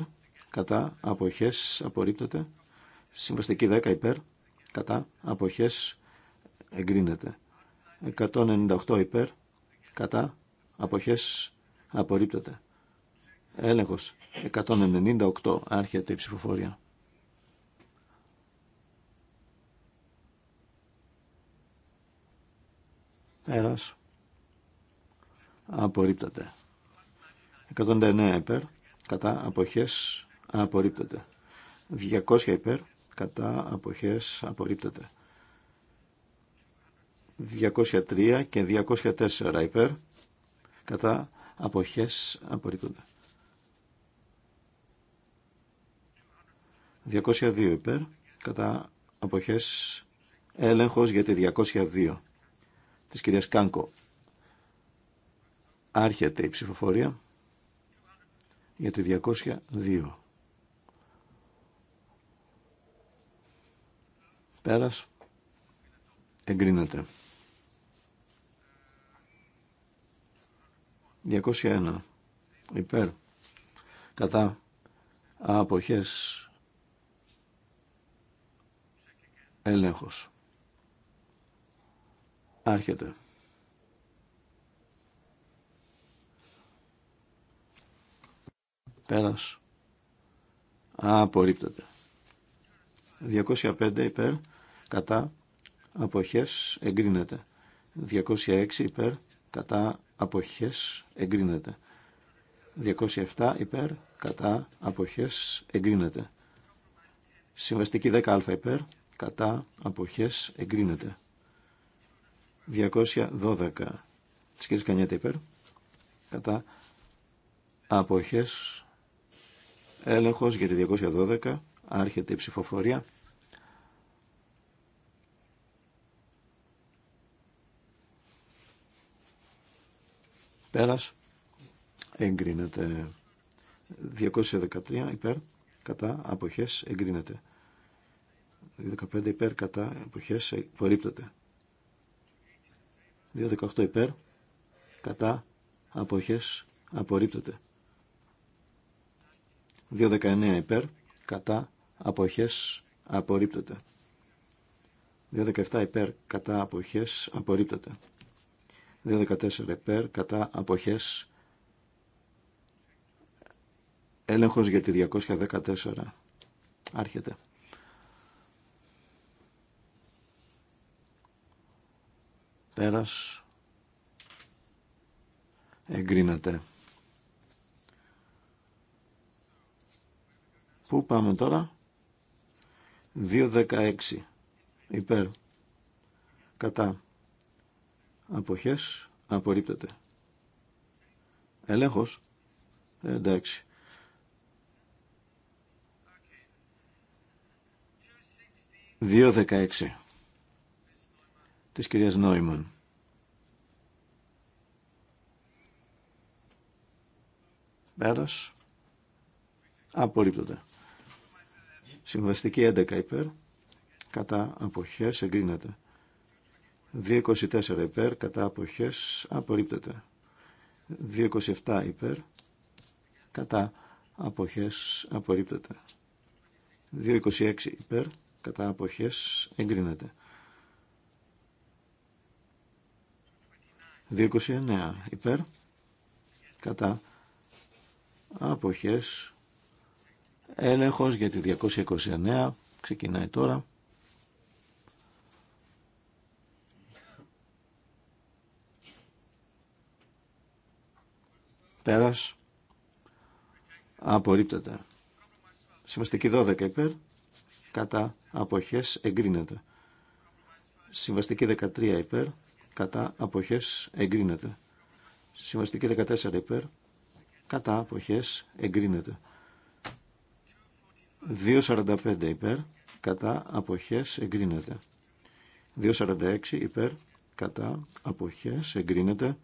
Κατά. Αποχές. Απορρίπτεται. Συμβαστική 10 υπέρ. Κατά. Αποχές. Εγκρίνεται. 198 υπέρ. Κατά. Αποχές. Απορρίπτεται. Έλεγχος. 198. Άρχεται η ψηφοφορία. Πέρας. Απορρίπτεται. 109 υπέρ. Κατά αποχές. Απορρίπτεται. 200 υπέρ. Κατά αποχές. Απορρίπτεται. 203 και 204 υπέρ. Κατά αποχές. Απορρίπτεται. 202 υπέρ. Κατά αποχές. Έλεγχος για τη 202 της κυρίας Κάνκο. Άρχεται η ψηφοφορία για τη 202. Πέρας. Εγκρίνεται. 201. Υπέρ. Κατά αποχές έλεγχος. Άρχεται. Πέρας. Α, απορρίπτεται. 205 υπέρ, κατά, αποχές, εγκρίνεται. 206 υπέρ, κατά, αποχές, εγκρίνεται. 207 υπέρ, κατά, αποχές, εγκρίνεται. Συμβαστική 10α υπέρ, κατά, αποχές, εγκρίνεται. 212 της κ. Κανιέται υπέρ κατά αποχές έλεγχος για τη 212 άρχεται η ψηφοφορία πέρας εγκρίνεται 213 υπέρ κατά αποχές εγκρίνεται 215 υπέρ κατά αποχές απορρίπτεται 2.18 υπέρ, κατά, αποχές, απορρίπτεται. 2.19 υπέρ, κατά, αποχές, απορρίπτεται. 2.17 υπέρ, κατά, αποχές, απορρίπτεται. 2.14 υπέρ, κατά, αποχές, έλεγχος για τη 214 άρχεται. Πέρας. Εγκρίνεται. Πού πάμε τώρα. 2.16. Υπέρ. Κατά. Αποχές. Απορρίπτεται. Ελέγχος. Εντάξει. 2.16 της κυρίας Νόημαν. Πέρας. Απορρίπτονται. Συμβαστική 11 υπέρ. Κατά αποχές εγκρίνεται. 2.24 υπέρ. Κατά αποχές απορρίπτεται. 2.27 υπέρ. Κατά αποχές απορρίπτεται. 2.26 υπέρ. Κατά αποχές εγκρίνεται. 229 υπέρ κατά αποχές έλεγχος για τη 229 ξεκινάει τώρα πέρας απορρίπτεται συμβαστική 12 υπέρ κατά αποχές εγκρίνεται συμβαστική 13 υπέρ κατά αποχές εγκρίνεται. Συμβαστική 14 υπέρ, κατά αποχές εγκρίνεται. 2.45 υπέρ, κατά αποχές εγκρίνεται. 2.46 υπέρ, κατά αποχές εγκρίνεται.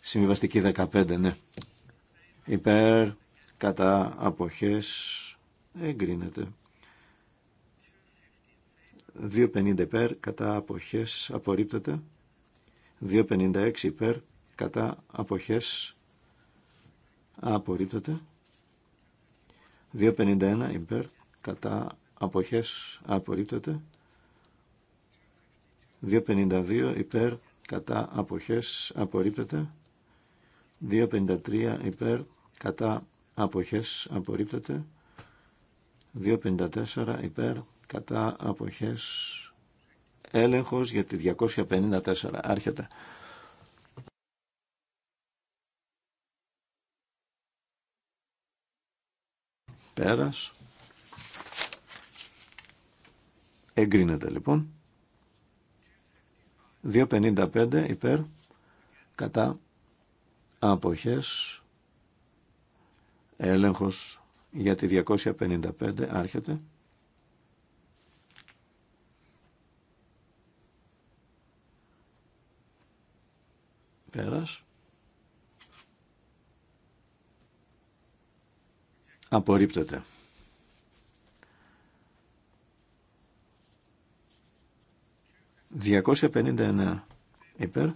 Συμβαστική 15, ναι. Υπέρ, κατά αποχές εγκρίνεται. 2.50 υπέρ κατά αποχές απορρίπτεται. 2.56 υπέρ κατά αποχές απορρίπτεται. 2.51 υπέρ κατά αποχές απορρίπτεται. 2.52 υπέρ κατά αποχές απορρίπτεται. 2.53 υπέρ κατά αποχές απορρίπτεται. 2.54 υπέρ κατά αποχές έλεγχος για τη 254 άρχεται πέρας εγκρίνεται λοιπόν 255 υπέρ κατά αποχές έλεγχος για τη 255 άρχεται Πέρας. Απορρίπτεται. «259 υπέρ,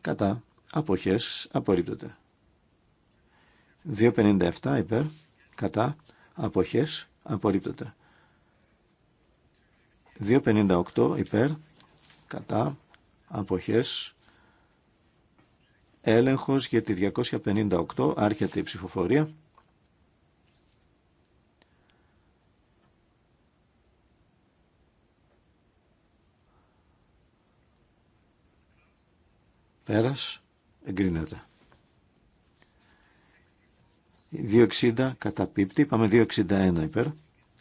κατά, αποχές, απορρίπτεται». «257 υπέρ, κατά, αποχές, απορρίπτεται». «258 υπέρ, κατά, αποχές, Έλεγχος για τη 258, άρχεται η ψηφοφορία. Πέρας, εγκρίνεται. 260 κατά πίπτη. πάμε 261 υπέρ,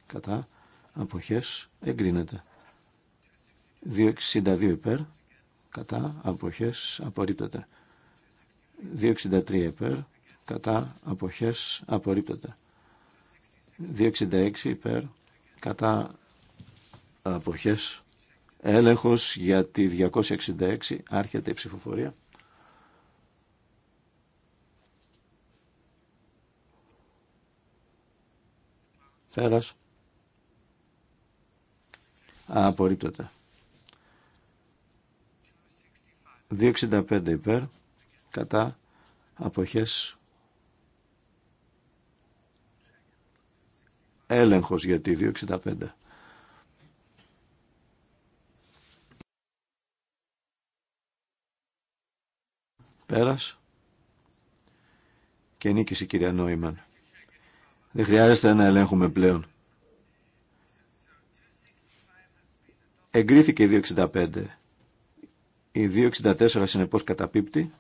κατά αποχές, εγκρίνεται. 262 υπέρ, κατά αποχές, απορρίπτεται. 263 υπέρ, κατά αποχές απορρίπτονται. 266 υπέρ, κατά αποχές έλεγχος για τη 266 άρχεται η ψηφοφορία. Πέρας. Απορρίπτονται. 265 υπέρ κατά αποχές έλεγχος για τη 265. Πέρας και νίκησε η κυρία Νόημαν. Δεν χρειάζεται να ελέγχουμε πλέον. Εγκρίθηκε η 265. Η 264 συνεπώς καταπίπτει.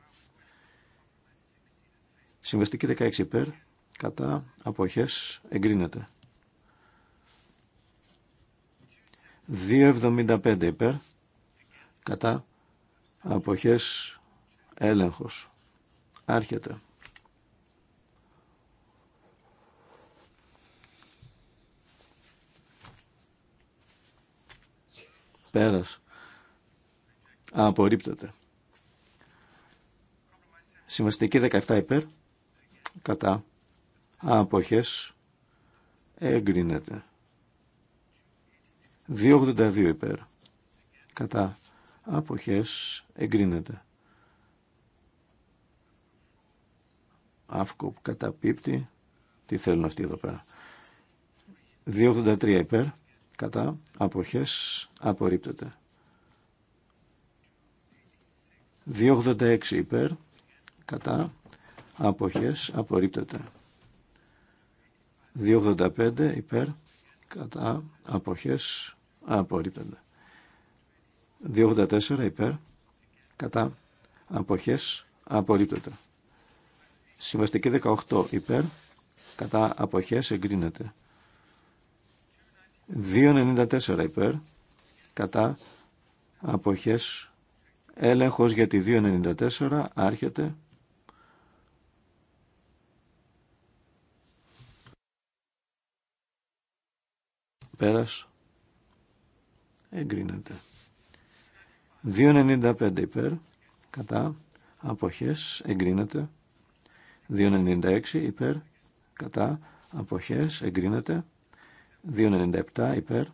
Συμβαστική 16 υπέρ, κατά αποχές εγκρίνεται. 2,75 υπέρ, κατά αποχές έλεγχος. Άρχεται. Πέρας. Απορρίπτεται. Συμβαστική 17 υπέρ, κατά αποχές εγκρίνεται. 2.82 υπέρ κατά αποχές εγκρίνεται. κατά καταπίπτει. Τι θέλουν αυτοί εδώ πέρα. 2.83 υπέρ κατά αποχές απορρίπτεται. 2.86 υπέρ κατά αποχές απορρίπτεται. 2.85 υπέρ κατά αποχές απορρίπτεται. 2.84 υπέρ κατά αποχές απορρίπτεται. Συμβαστική 18 υπέρ κατά αποχές εγκρίνεται. 2.94 υπέρ κατά αποχές έλεγχος για τη 2.94 άρχεται Πέρας. Εγκρίνεται. 2.95 υπέρ. Κατά. Αποχές. Εγκρίνεται. 2.96 υπέρ. Κατά. Αποχές. Εγκρίνεται. 2.97 υπέρ.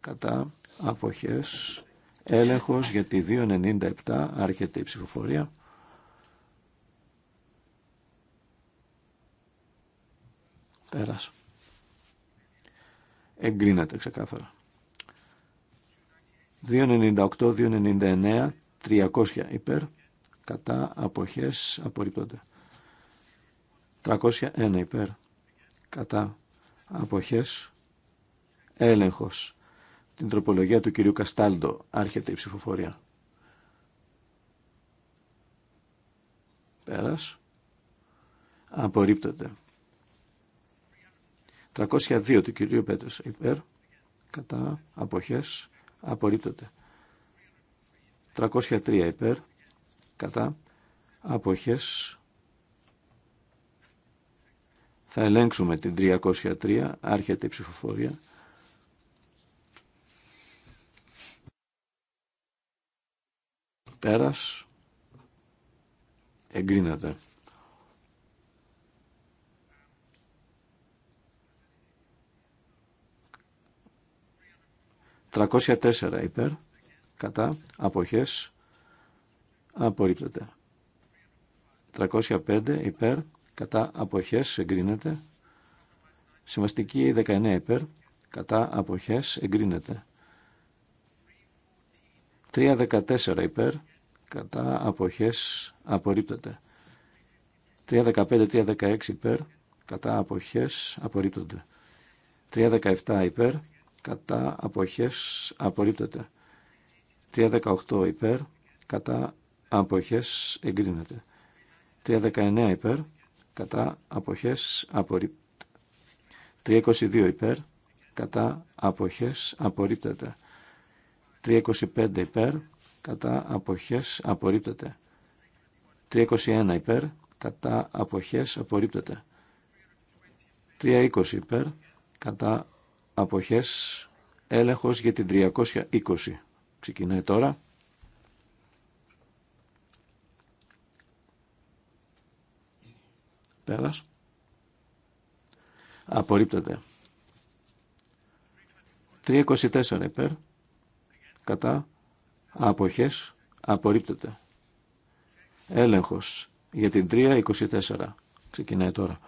Κατά. Αποχές. Έλεγχος για τη 2.97. Άρχεται η ψηφοφορία. Πέρας εγκρίνεται ξεκάθαρα. 298, 299, 300 υπέρ, κατά αποχές απορρίπτονται. 301 υπέρ, κατά αποχές έλεγχος. Την τροπολογία του κυρίου Καστάλντο άρχεται η ψηφοφορία. Πέρας. Απορρίπτονται. 302 του κυρίου Πέτρος υπέρ κατά αποχές απορρίπτονται. 303 υπέρ κατά αποχές θα ελέγξουμε την 303 άρχεται η ψηφοφορία πέρας εγκρίνεται 304 υπέρ, κατά, αποχές, απορρίπτεται. 305 υπέρ, κατά, αποχές, εγκρίνεται. Συμβαστική 19 υπέρ, κατά, αποχές, εγκρίνεται. 314 υπέρ, κατά, αποχές, απορρίπτεται. 315-316 υπέρ, κατά, αποχές, απορρίπτονται. 317 υπέρ, κατά αποχές απορρίπτεται. 318 υπέρ κατά αποχές εγκρίνεται. 319 υπέρ κατά αποχές απορρίπτεται. 322 υπέρ κατά αποχές απορρίπτεται. 325 υπέρ κατά αποχές απορρίπτεται. 321 υπέρ κατά αποχές απορρίπτεται. 320 υπέρ κατά αποχές έλεγχος για την 320. Ξεκινάει τώρα. Πέρας. Απορρίπτεται. 324 υπέρ. Κατά. Αποχές. Απορρίπτεται. Έλεγχος για την 324. Ξεκινάει τώρα.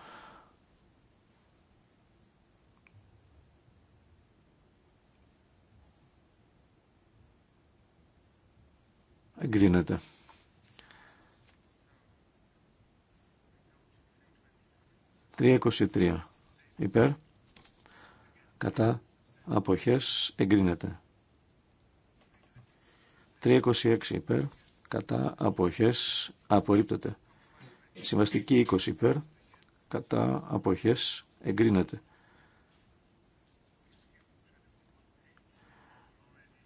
Εγκρίνεται. Τρία Υπέρ. Κατά. Αποχές. Εγκρίνεται. 326 υπέρ, κατά αποχές απορρίπτεται. Συμβαστική 20 υπέρ, κατά αποχές εγκρίνεται.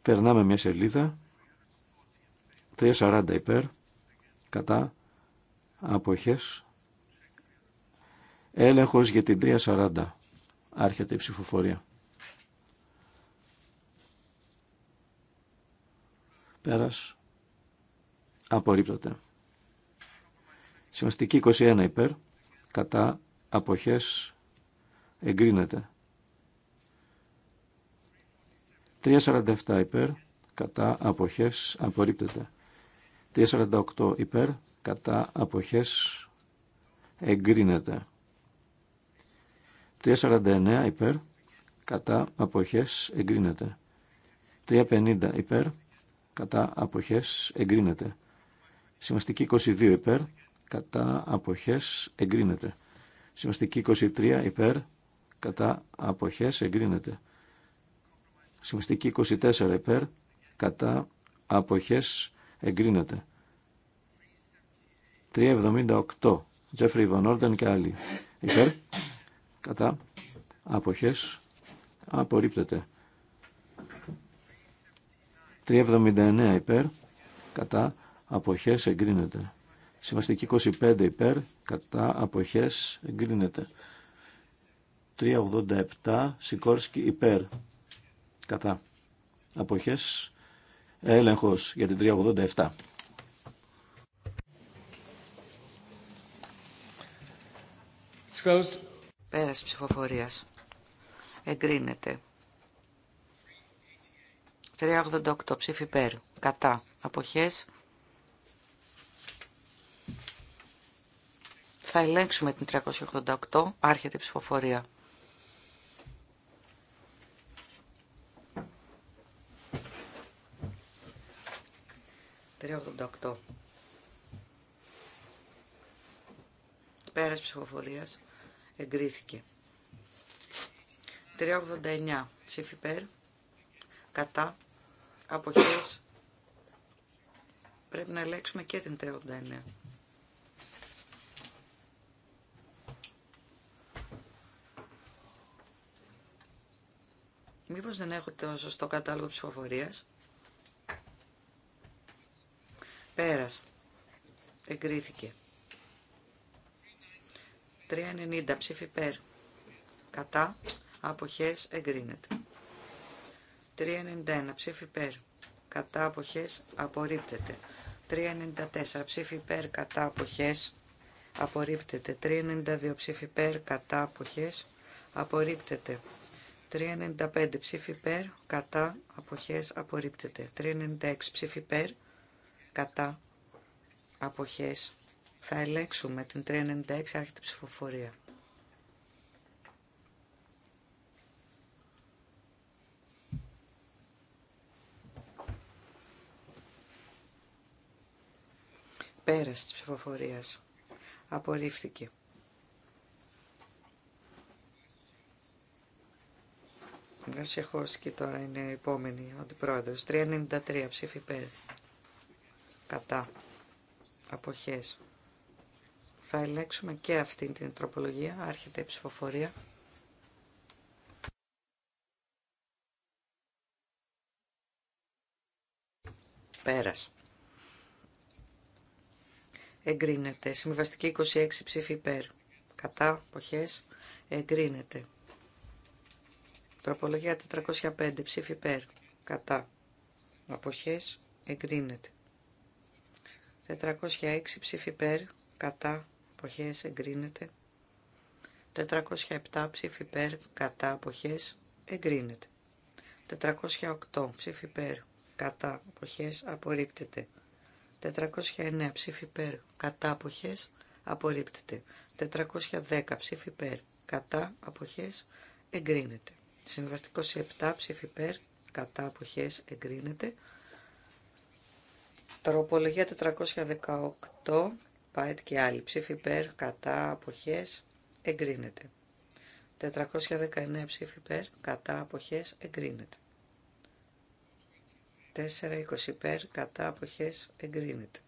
Περνάμε μια σελίδα. 340 υπέρ κατά αποχές έλεγχος για την 340 άρχεται η ψηφοφορία πέρας απορρίπτωται. Συμβαστική 21 υπέρ κατά αποχές εγκρίνεται 347 υπέρ κατά αποχές απορρίπτεται 348 υπέρ κατά αποχές εγκρίνεται. 349 υπέρ κατά αποχές εγκρίνεται. 350 υπέρ κατά αποχές εγκρίνεται. Σημαστική 22 υπέρ κατά αποχές εγκρίνεται. Σημαστική 23 υπέρ κατά αποχές εγκρίνεται. Σημαστική 24 υπέρ κατά αποχές εγκρίνεται εγκρίνεται. 378. Τζέφρι Βανόρντεν και άλλοι. Υπέρ. Κατά. Αποχές. Απορρίπτεται. 379 υπέρ. Κατά. Αποχές εγκρίνεται. Συμβαστική 25 υπέρ. Κατά. Αποχές εγκρίνεται. 387. Σικόρσκι υπέρ. Κατά. Αποχές έλεγχος για την 387. Πέρας ψηφοφορίας. Εγκρίνεται. 388 ψήφι υπέρ. Κατά. Αποχές. Θα ελέγξουμε την 388. Άρχεται η ψηφοφορία. 388. Πέρας ψηφοφορίας εγκρίθηκε. 389 ψήφι υπέρ, κατά, αποχές. Πρέπει να ελέγξουμε και την 389. Μήπως δεν έχω το σωστό κατάλογο ψηφοφορίας. Πέρας. Εγκρίθηκε. 390 ψήφι Κατά. Αποχές εγκρίνεται. 391 ψήφι περ Κατά αποχές απορρίπτεται. 394 ψήφι περ κατά αποχές απορρίπτεται. 392 ψήφι περ κατά αποχές απορρίπτεται. 395 ψήφι περ κατά αποχές απορρίπτεται. 396 ψήφι κατά αποχές θα ελέξουμε την 396 άρχεται ψηφοφορία. Πέρας της ψηφοφορίας. Απορρίφθηκε. Βασιχώς και τώρα είναι η επόμενη αντιπρόεδρος. 393 ψήφι πέρα κατά αποχές. Θα ελέξουμε και αυτή την τροπολογία, άρχεται η ψηφοφορία. Πέρας. Εγκρίνεται. Συμβαστική 26 ψήφι υπέρ. Κατά αποχές εγκρίνεται. Τροπολογία 405 ψήφι υπέρ. Κατά αποχές εγκρίνεται. 406 ψήφοι υπέρ, κατά, αποχές, εγκρίνεται. 407 ψήφοι υπέρ, κατά, αποχές, εγκρίνεται. 408 ψήφοι υπέρ, κατά, αποχές, απορρίπτεται. 409 ψήφοι υπέρ, κατά, αποχές, απορρίπτεται. 410 ψήφοι υπέρ, κατά, αποχές, εγκρίνεται. Συμβαστικό 7 ψήφοι υπέρ, κατά, αποχές, εγκρίνεται. Τροπολογία 418, πάει και άλλοι. Ψήφι υπέρ, κατά, αποχές, εγκρίνεται. 419 ψήφι υπέρ, κατά, αποχές, εγκρίνεται. 420 υπέρ, κατά, αποχές, εγκρίνεται.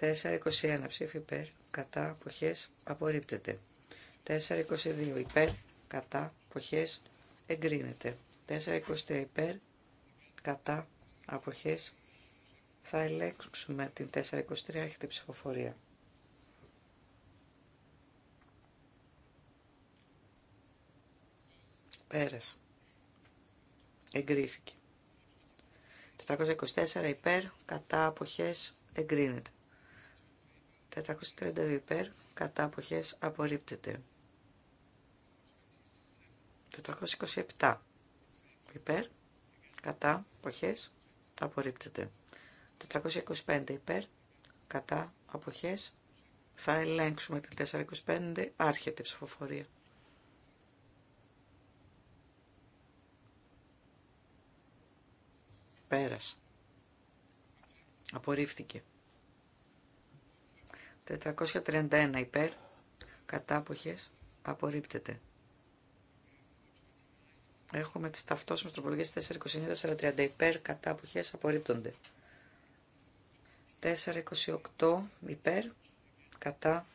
421 ψήφι υπέρ, κατά, αποχές, απορρίπτεται. 422 υπέρ, κατά, αποχές, εγκρίνεται. 423 υπέρ, κατά, αποχές, θα ελέγξουμε την 423 έρχεται ψηφοφορία. Πέρας. Εγκρίθηκε. 424 υπέρ, κατά αποχές εγκρίνεται. 432 υπέρ, κατά αποχές απορρίπτεται. 427 υπέρ, κατά αποχές απορρίπτεται. 425 υπέρ, κατά, αποχές. Θα ελέγξουμε την 425, άρχεται η ψηφοφορία. Πέρασε. Απορρίφθηκε. 431 υπέρ, κατά, αποχές, απορρίπτεται. Έχουμε τις ταυτόσιμες τροπολογίες 429-430 υπέρ, κατά, αποχές, απορρίπτονται. 428 υπέρ κατά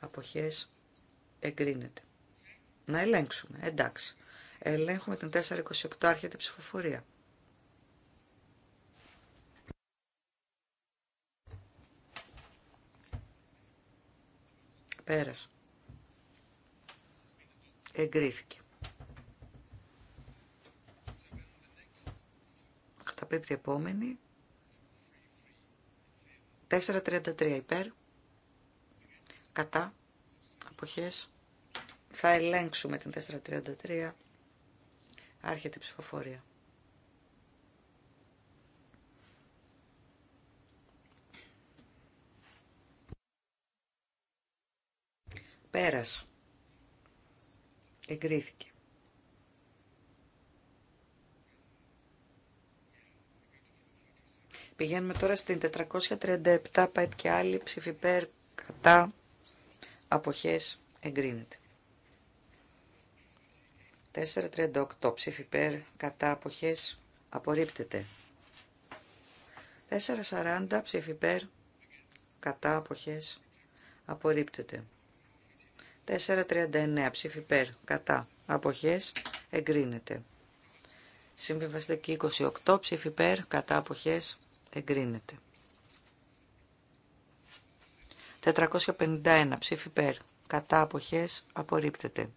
αποχές εγκρίνεται. Να ελέγξουμε, εντάξει. Ελέγχουμε την 428 άρχεται η ψηφοφορία. Πέρασε. Εγκρίθηκε. η επόμενη. 4.33 υπέρ, κατά, αποχές. Θα ελέγξουμε την 4.33, άρχεται η ψηφοφορία. Πέρας. Εγκρίθηκε. Πηγαίνουμε τώρα στην 437 πάει και άλλη ψηφιπέρ κατά αποχές εγκρίνεται. 438 ψηφιπέρ κατά αποχές απορρίπτεται. 440 ψηφιπέρ κατά αποχές απορρίπτεται. 439 ψηφιπέρ κατά αποχές εγκρίνεται. Συμβιβαστική 28 ψηφιπέρ κατά αποχές εγκρίνεται. 451 ψήφι υπέρ, κατά αποχές απορρίπτεται.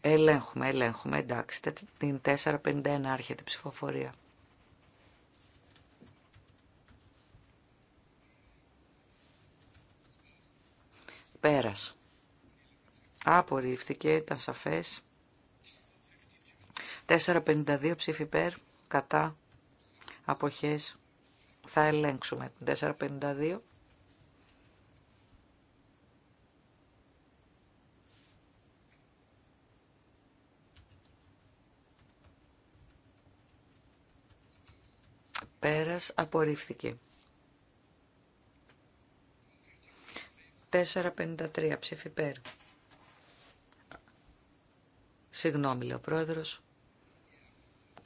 Ελέγχουμε, ελέγχουμε, εντάξει, την 451 άρχεται ψηφοφορία. Πέρας. Απορρίφθηκε, ήταν σαφές. 452 ψήφι υπέρ, κατά αποχές θα ελέγξουμε την 452. Πέρας απορρίφθηκε. 453 ψήφι πέρα. Συγγνώμη, πρόεδρος.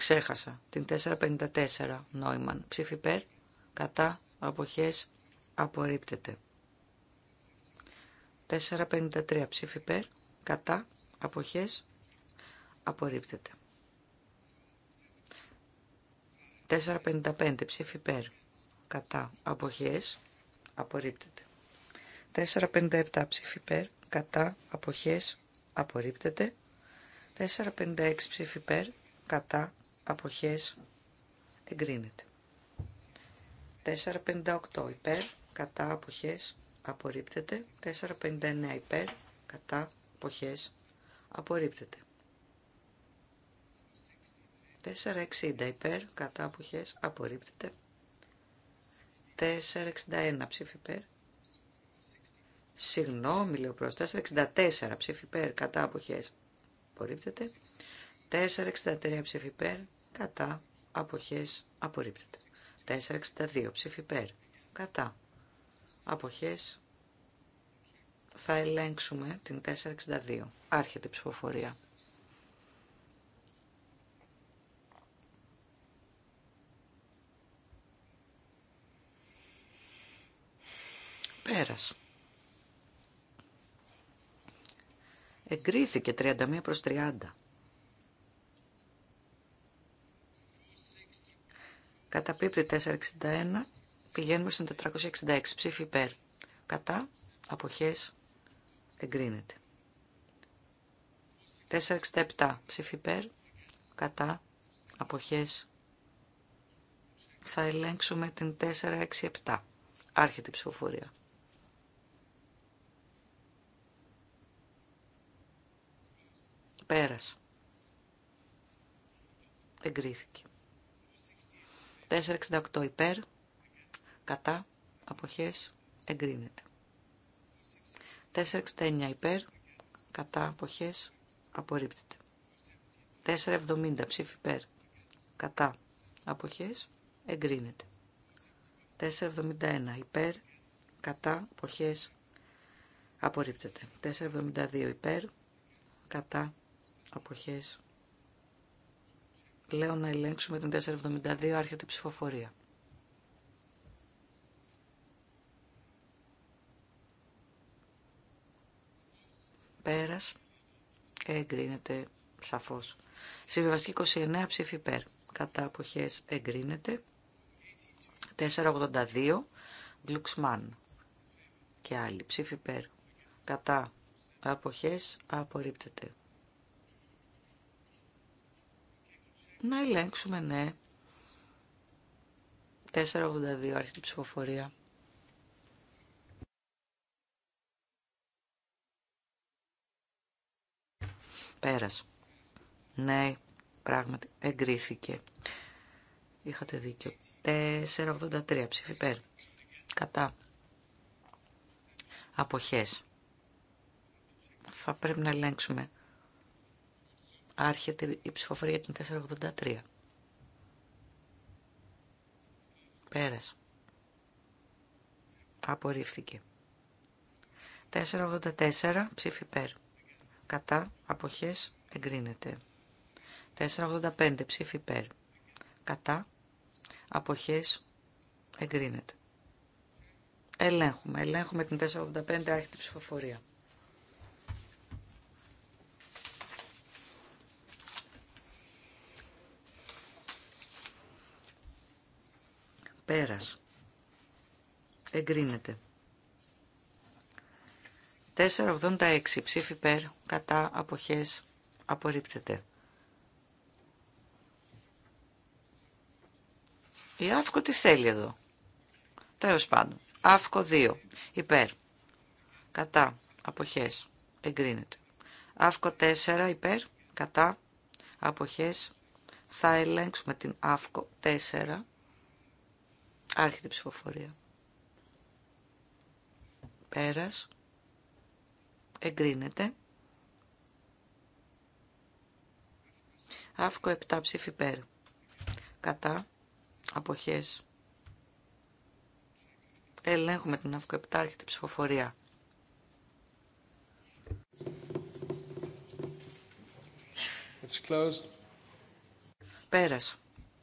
Ξέχασα την 454 Νόημαν. Ψήφι ΠΕΡ κατά, αποχές, απορρίπτεται. 453 ψήφι κατά, αποχές, απορρίπτεται. 455 ψήφι πέρ, κατά, αποχές, απορρίπτεται. 457 ψήφι κατά, αποχές, απορρίπτεται. 456 ψήφι κατά, αποχές εγκρίνεται. 4.58 υπέρ, κατά αποχές απορρίπτεται. 4.59 υπέρ, κατά αποχές απορρίπτεται. 4.60 υπέρ, κατά αποχές απορρίπτεται. 4.61 ψήφι υπέρ. Συγγνώμη, λέω προς 4.64 ψήφι υπέρ, κατά αποχές απορρίπτεται. 4.63 ψήφι υπέρ, κατά, αποχές, απορρίπτεται. 462 ψήφι υπέρ, κατά, αποχές, θα ελέγξουμε την 462. Άρχεται η ψηφοφορία. Πέρας. Εγκρίθηκε 31 προς 30. Κατά πίπτη 461. Πηγαίνουμε στην 466. Ψήφι υπέρ. Κατά. Αποχές. Εγκρίνεται. 467. Ψήφι υπέρ. Κατά. Αποχές. Θα ελέγξουμε την 467. Άρχεται η ψηφοφορία. Πέρας. Εγκρίθηκε. 468 υπέρ, κατά, αποχές, εγκρίνεται. 469 υπέρ, κατά, αποχές, απορρίπτεται. 470 ψήφι υπέρ, κατά, αποχές, εγκρίνεται. 471 υπέρ, κατά, αποχές, απορρίπτεται. 472 υπέρ, κατά, αποχές, Λέω να ελέγξουμε την 472 άρχεται ψηφοφορία. Πέρας εγκρίνεται σαφώς. Συμβιβαστική 29 ψήφι ΠΕΡ. Κατά αποχές εγκρίνεται. 482 Γλουξμάν και άλλοι ψήφι ΠΕΡ. Κατά αποχές απορρίπτεται. Να ελέγξουμε, ναι. 482 αρχή ψηφοφορία. Πέρας. Ναι, πράγματι, εγκρίθηκε. Είχατε δίκιο. 483 ψήφι πέρυ. Κατά. Αποχές. Θα πρέπει να ελέγξουμε. Άρχεται η ψηφοφορία την 483. Πέρας. Απορρίφθηκε. 484 ψήφι περ. Κατά αποχές εγκρίνεται. 485 ψήφι περ. Κατά αποχές εγκρίνεται. Ελέγχουμε. Ελέγχουμε την 485 άρχιτη ψηφοφορία. Πέρας. Εγκρίνεται. 486 ψήφι περ, κατά, αποχές, απορρίπτεται. Η Αύκο τι θέλει εδώ. Τέλος πάντων. Αύκο 2. Υπέρ. Κατά. Αποχές. Εγκρίνεται. Αύκο 4. Υπέρ. Κατά. Αποχές. Θα ελέγξουμε την Αύκο 4. Άρχεται η ψηφοφορία. Πέρας. Εγκρίνεται. Αύκο 7 ψήφι πέρ. Κατά. Αποχές. Ελέγχουμε την Αύκο 7. Άρχεται η ψηφοφορία. It's closed. Πέρας.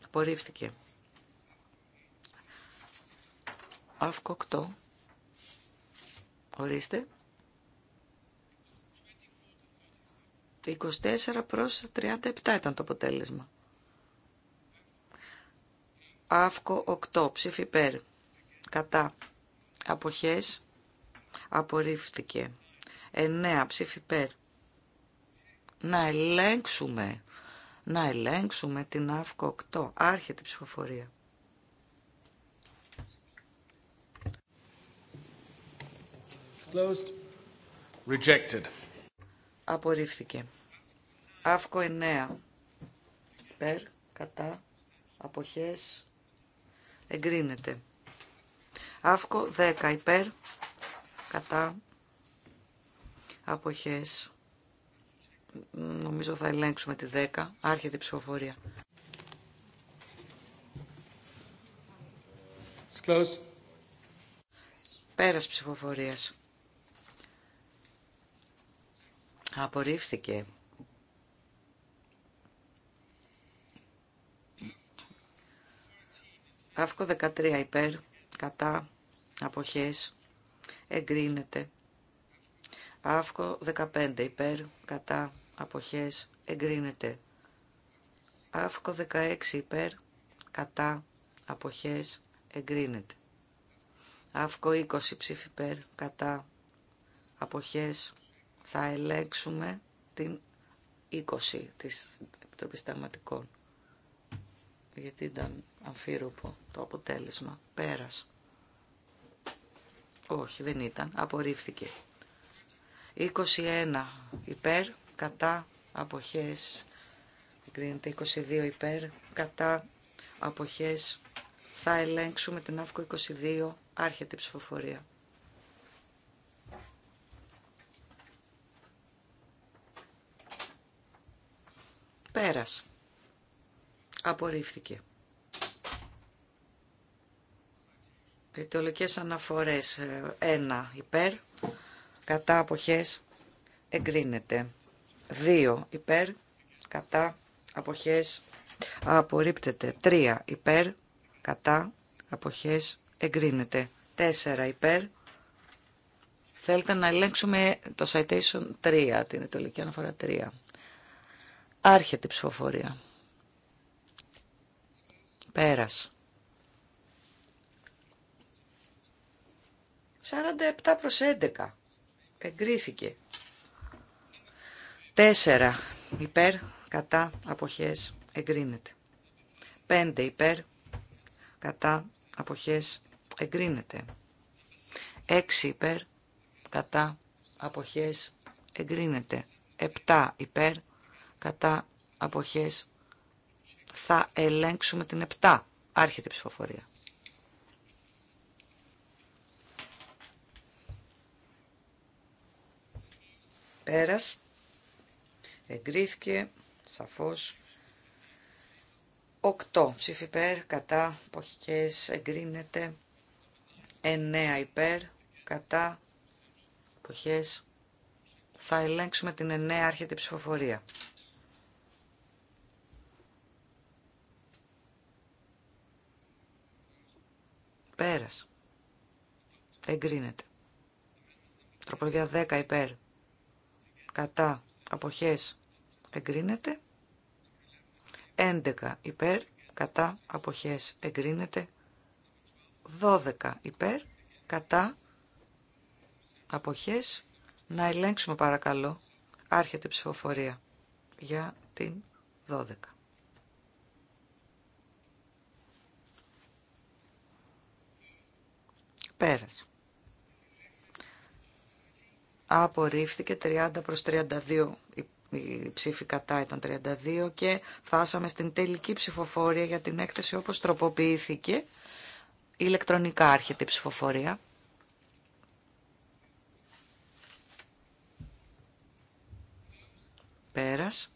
Απορρίφθηκε. ΑΦΚΟ 8. Ορίστε. 24 προς 37 ήταν το αποτέλεσμα. Αύκο 8. Ψήφι πέρ. Κατά. Αποχές. Απορρίφθηκε. 9. Ψήφι υπέρ. Να ελέγξουμε. Να ελέγξουμε την αύκο 8. Άρχεται η ψηφοφορία. closed. Rejected. Απορρίφθηκε. Αύκο 9. Περ, κατά, αποχές, εγκρίνεται. Αύκο 10. Υπέρ, κατά, αποχές. Νομίζω θα ελέγξουμε τη 10. Άρχεται η ψηφοφορία. closed. Πέρας ψηφοφορίας. Απορρίφθηκε. 13 υπέρ, κατά, αποχές, εγκρίνεται. Αύκο 15 υπέρ, κατά, αποχές, εγκρίνεται. Αύκο 16 υπέρ, κατά, αποχές, εγκρίνεται. Αύκο 20 ψήφι υπέρ, κατά, αποχές, θα ελέγξουμε την 20 της Επιτροπής Γιατί ήταν αμφίροπο το αποτέλεσμα. Πέρας. Όχι, δεν ήταν. Απορρίφθηκε. 21 υπέρ, κατά, αποχές. Εγκρίνεται 22 υπέρ, κατά, αποχές. Θα ελέγξουμε την ΑΦΚΟ 22, άρχεται η ψηφοφορία. Πέρας. Απορρίφθηκε. Ρητολικές αναφορές 1 ε, υπέρ, κατά αποχές εγκρίνεται. 2 υπέρ, κατά αποχές απορρίπτεται. 3 υπέρ, κατά αποχές εγκρίνεται. 4 υπέρ, θέλετε να ελέγξουμε το citation 3, την ρητολογική αναφορά 3. Άρχεται η ψηφοφορία. Πέρας. 47 προς 11. Εγκρίθηκε. 4. Υπέρ, κατά, αποχές, εγκρίνεται. 5. Υπέρ, κατά, αποχές, εγκρίνεται. 6. Υπέρ, κατά, αποχές, εγκρίνεται. 7. Υπέρ, κατά αποχές θα ελέγξουμε την 7. Άρχεται η ψηφοφορία. Πέρας. Εγκρίθηκε σαφώς 8 ψήφι υπέρ κατά αποχές εγκρίνεται 9 υπέρ κατά αποχές θα ελέγξουμε την 9 άρχεται ψηφοφορία. εγκρίνεται. Τροπολογία 10 υπέρ, κατά, αποχές, εγκρίνεται. 11 υπέρ, κατά, αποχές, εγκρίνεται. 12 υπέρ, κατά, αποχές, να ελέγξουμε παρακαλώ, άρχεται η ψηφοφορία για την 12. Πέρασε απορρίφθηκε 30 προς 32 η ψήφη κατά ήταν 32 και φάσαμε στην τελική ψηφοφορία για την έκθεση όπως τροποποιήθηκε ηλεκτρονικά άρχεται η ψηφοφορία. Πέρας.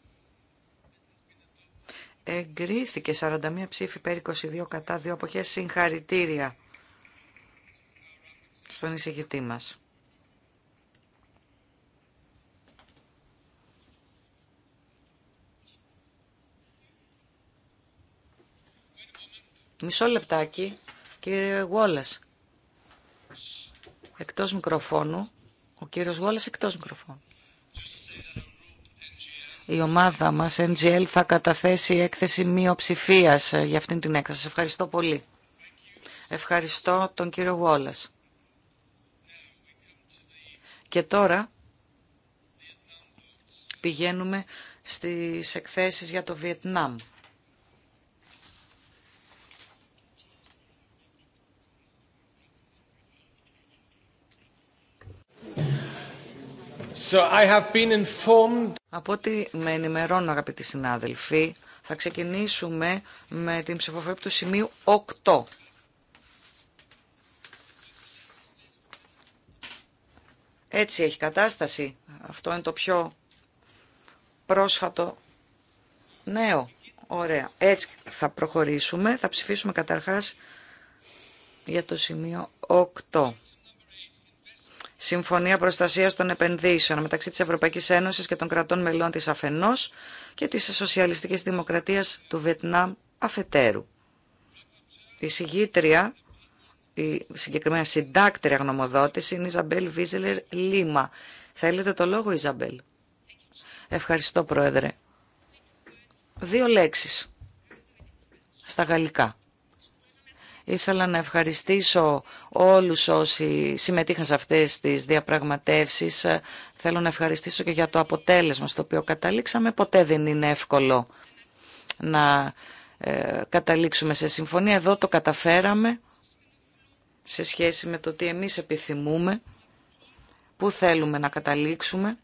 Εγκρίθηκε 41 ψήφη, πέρι 22 κατά δύο αποχές συγχαρητήρια στον εισηγητή μας. Μισό λεπτάκι, κύριε Γουόλας. Εκτός μικροφώνου. Ο κύριος Γουόλας εκτός μικροφώνου. Η ομάδα μας, NGL, θα καταθέσει έκθεση μειοψηφία ε, για αυτήν την έκθεση. Σας ευχαριστώ πολύ. Ευχαριστώ τον κύριο Γουόλας. Και τώρα πηγαίνουμε στις εκθέσεις για το Βιετνάμ. Από ό,τι με ενημερώνουν αγαπητοί συνάδελφοι, θα ξεκινήσουμε με την ψηφοφορία του σημείου 8. Έτσι έχει κατάσταση. Αυτό είναι το πιο πρόσφατο νέο. Ωραία. Έτσι θα προχωρήσουμε. Θα ψηφίσουμε καταρχάς για το σημείο 8. Συμφωνία Προστασίας των Επενδύσεων μεταξύ τη Ευρωπαϊκής Ένωσης και των κρατών μελών της αφενός και τη Σοσιαλιστική Δημοκρατίας του Βιετνάμ αφετέρου. Η συγγήτρια, η συγκεκριμένα συντάκτρια γνωμοδότηση είναι η Ιζαμπέλ Βίζελερ Λίμα. Θέλετε το λόγο Ιζαμπέλ. Ευχαριστώ Πρόεδρε. Δύο λέξεις στα γαλλικά. Ήθελα να ευχαριστήσω όλους όσοι συμμετείχαν σε αυτές τις διαπραγματεύσεις. Θέλω να ευχαριστήσω και για το αποτέλεσμα στο οποίο καταλήξαμε. Ποτέ δεν είναι εύκολο να ε, καταλήξουμε σε συμφωνία. Εδώ το καταφέραμε σε σχέση με το τι εμείς επιθυμούμε, πού θέλουμε να καταλήξουμε.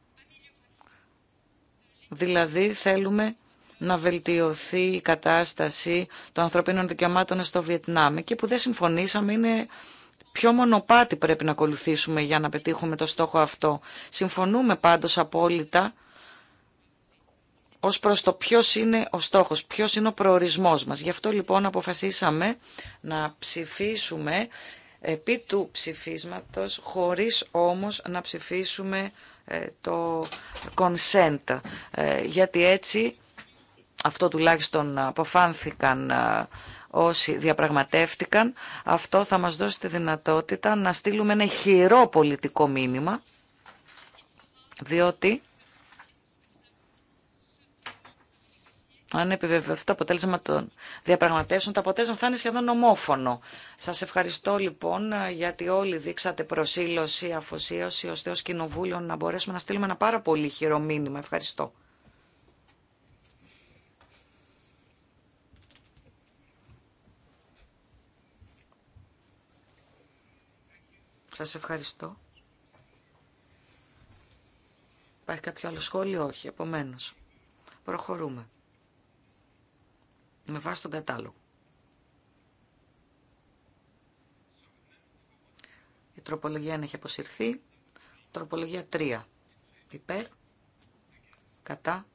Δηλαδή θέλουμε να βελτιωθεί η κατάσταση των ανθρωπίνων δικαιωμάτων στο Βιετνάμ. και που δεν συμφωνήσαμε είναι ποιο μονοπάτι πρέπει να ακολουθήσουμε για να πετύχουμε το στόχο αυτό. Συμφωνούμε πάντως απόλυτα ως προς το ποιος είναι ο στόχος, ποιος είναι ο προορισμός μας. Γι' αυτό λοιπόν αποφασίσαμε να ψηφίσουμε επί του ψηφίσματος, χωρίς όμως να ψηφίσουμε ε, το consent, ε, γιατί έτσι αυτό τουλάχιστον αποφάνθηκαν ε, όσοι διαπραγματεύτηκαν, αυτό θα μας δώσει τη δυνατότητα να στείλουμε ένα χειρό πολιτικό μήνυμα, διότι αν επιβεβαιωθεί το αποτέλεσμα των διαπραγματεύσεων, το αποτέλεσμα θα είναι σχεδόν ομόφωνο. Σας ευχαριστώ λοιπόν ε, γιατί όλοι δείξατε προσήλωση, αφοσίωση, ώστε ως Κοινοβούλιο να μπορέσουμε να στείλουμε ένα πάρα πολύ χειρό μήνυμα. Ευχαριστώ. Σας ευχαριστώ. Υπάρχει κάποιο άλλο σχόλιο, όχι, επομένως. Προχωρούμε. Με βάση τον κατάλογο. Η τροπολογία 1 έχει αποσυρθεί. Τροπολογία 3. Υπέρ. Κατά.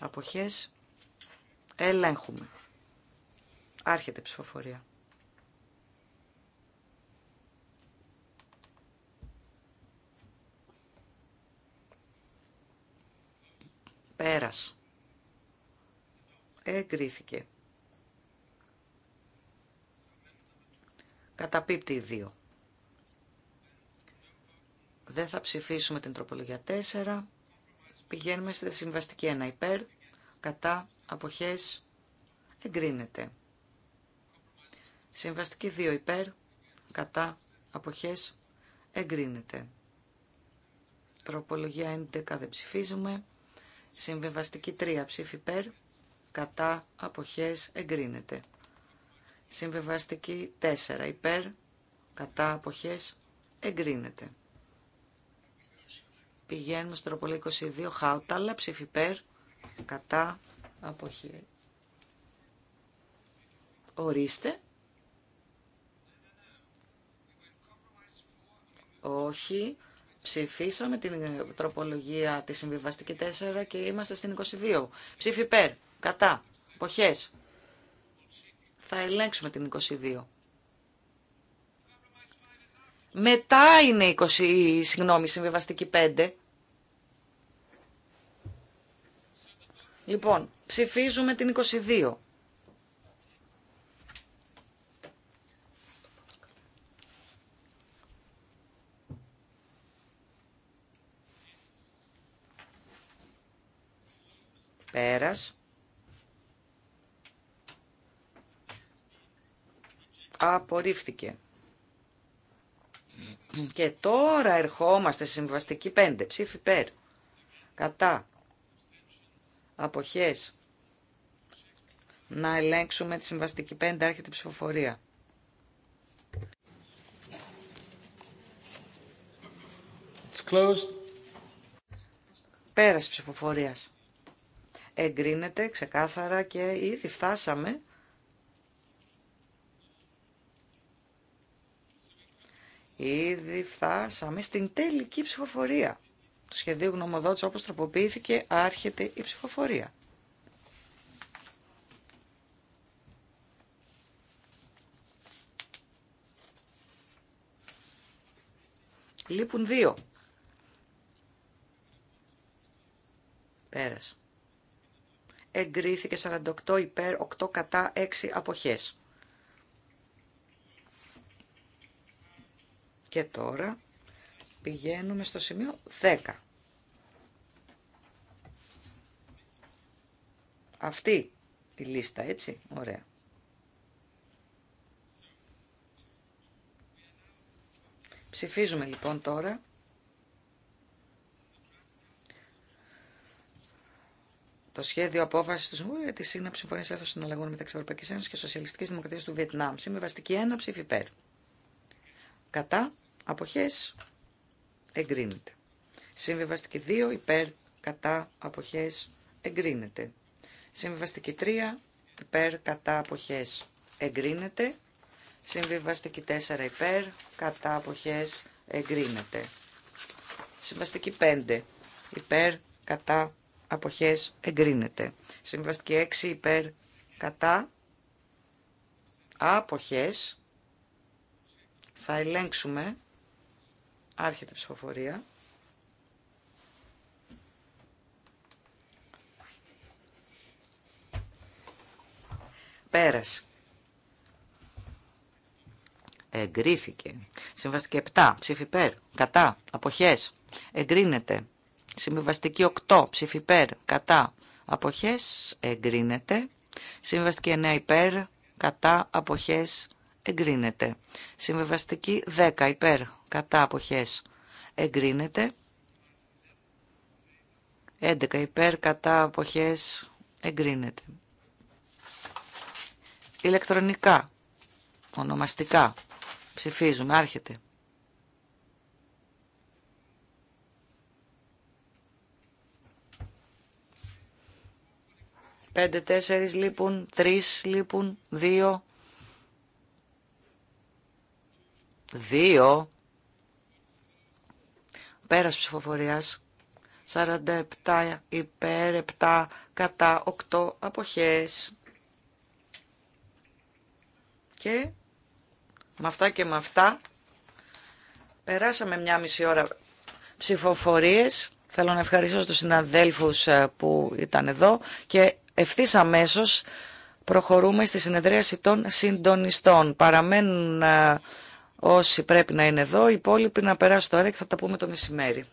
Αποχές. Ελέγχουμε. Άρχεται η ψηφοφορία. Πέρας. Εγκρίθηκε. Καταπίπτει οι δύο. Δεν θα ψηφίσουμε την τροπολογία 4. Πηγαίνουμε στη συμβαστική 1. Υπέρ, κατά, αποχές, εγκρίνεται. Συμβαστική 2. Υπέρ, κατά, αποχές, εγκρίνεται. Τροπολογία 11 δεν ψηφίζουμε. Συμβεβαστική 3 ψήφι περ, κατά αποχές εγκρίνεται. Συμβεβαστική 4 υπέρ, κατά αποχές εγκρίνεται. Πηγαίνουμε στο τροπολή 22 χάουταλα ψήφι περ, κατά αποχές. Ορίστε. Όχι. Ψηφίσαμε την τροπολογία τη συμβιβαστική 4 και είμαστε στην 22. Ψήφι υπέρ, κατά, εποχέ. Θα ελέγξουμε την 22. Μετά είναι 20, συγγνώμη, συμβιβαστική 5. Λοιπόν, ψηφίζουμε την 22. Πέρας. Απορρίφθηκε. Και τώρα ερχόμαστε στη συμβαστική 5. Ψήφι ΠΕΡ. Κατά. Αποχές. Να ελέγξουμε τη συμβαστική 5. Άρχεται η ψηφοφορία. It's closed. ψηφοφορίας εγκρίνεται ξεκάθαρα και ήδη φτάσαμε Ήδη φτάσαμε στην τελική ψηφοφορία του σχεδίου γνωμοδότης όπως τροποποιήθηκε άρχεται η ψηφοφορία. Λείπουν δύο. Πέρασε εγκρίθηκε 48 υπέρ, 8 κατά, 6 αποχές. Και τώρα πηγαίνουμε στο σημείο 10. Αυτή η λίστα, έτσι, ωραία. Ψηφίζουμε λοιπόν τώρα το σχέδιο απόφαση του Συμβουλίου για τη σύναψη συμφωνία έφεση των αλλαγών μεταξύ Ευρωπαϊκή Ένωση και Σοσιαλιστική Δημοκρατία του Βιετνάμ. Συμβιβαστική 1 ψήφι υπέρ. Κατά αποχέ εγκρίνεται. Συμβιβαστική 2 υπέρ. Κατά αποχέ εγκρίνεται. Συμβιβαστική 3 υπέρ. Κατά αποχέ εγκρίνεται. Συμβιβαστική 4 υπέρ. Κατά αποχέ εγκρίνεται. Συμβαστική 5 υπέρ. Κατά αποχές εγκρίνεται. Συμβαστική 6 υπέρ κατά αποχές θα ελέγξουμε άρχεται ψηφοφορία. πέρας Εγκρίθηκε. Συμβαστική 7. Ψήφι υπέρ. Κατά. Αποχές. Εγκρίνεται. Συμβιβαστική 8 ψήφι υπέρ κατά αποχές εγκρίνεται. Συμβιβαστική 9 υπέρ κατά αποχές εγκρίνεται. Συμβιβαστική 10 υπέρ κατά αποχές εγκρίνεται. 11 υπέρ κατά αποχές εγκρίνεται. Ηλεκτρονικά, ονομαστικά, ψηφίζουμε, άρχεται. 5, 4 λείπουν, 3 λείπουν, 2. 2. Πέρας ψηφοφορίας. 47 υπέρ, 7 κατά, 8 αποχές. Και με αυτά και με αυτά περάσαμε μια μισή ώρα ψηφοφορίες. Θέλω να ευχαριστήσω τους συναδέλφους ε, που ήταν εδώ και ευθύ αμέσω προχωρούμε στη συνεδρίαση των συντονιστών. Παραμένουν ε, όσοι πρέπει να είναι εδώ, οι υπόλοιποι να περάσουν τώρα και θα τα πούμε το μεσημέρι.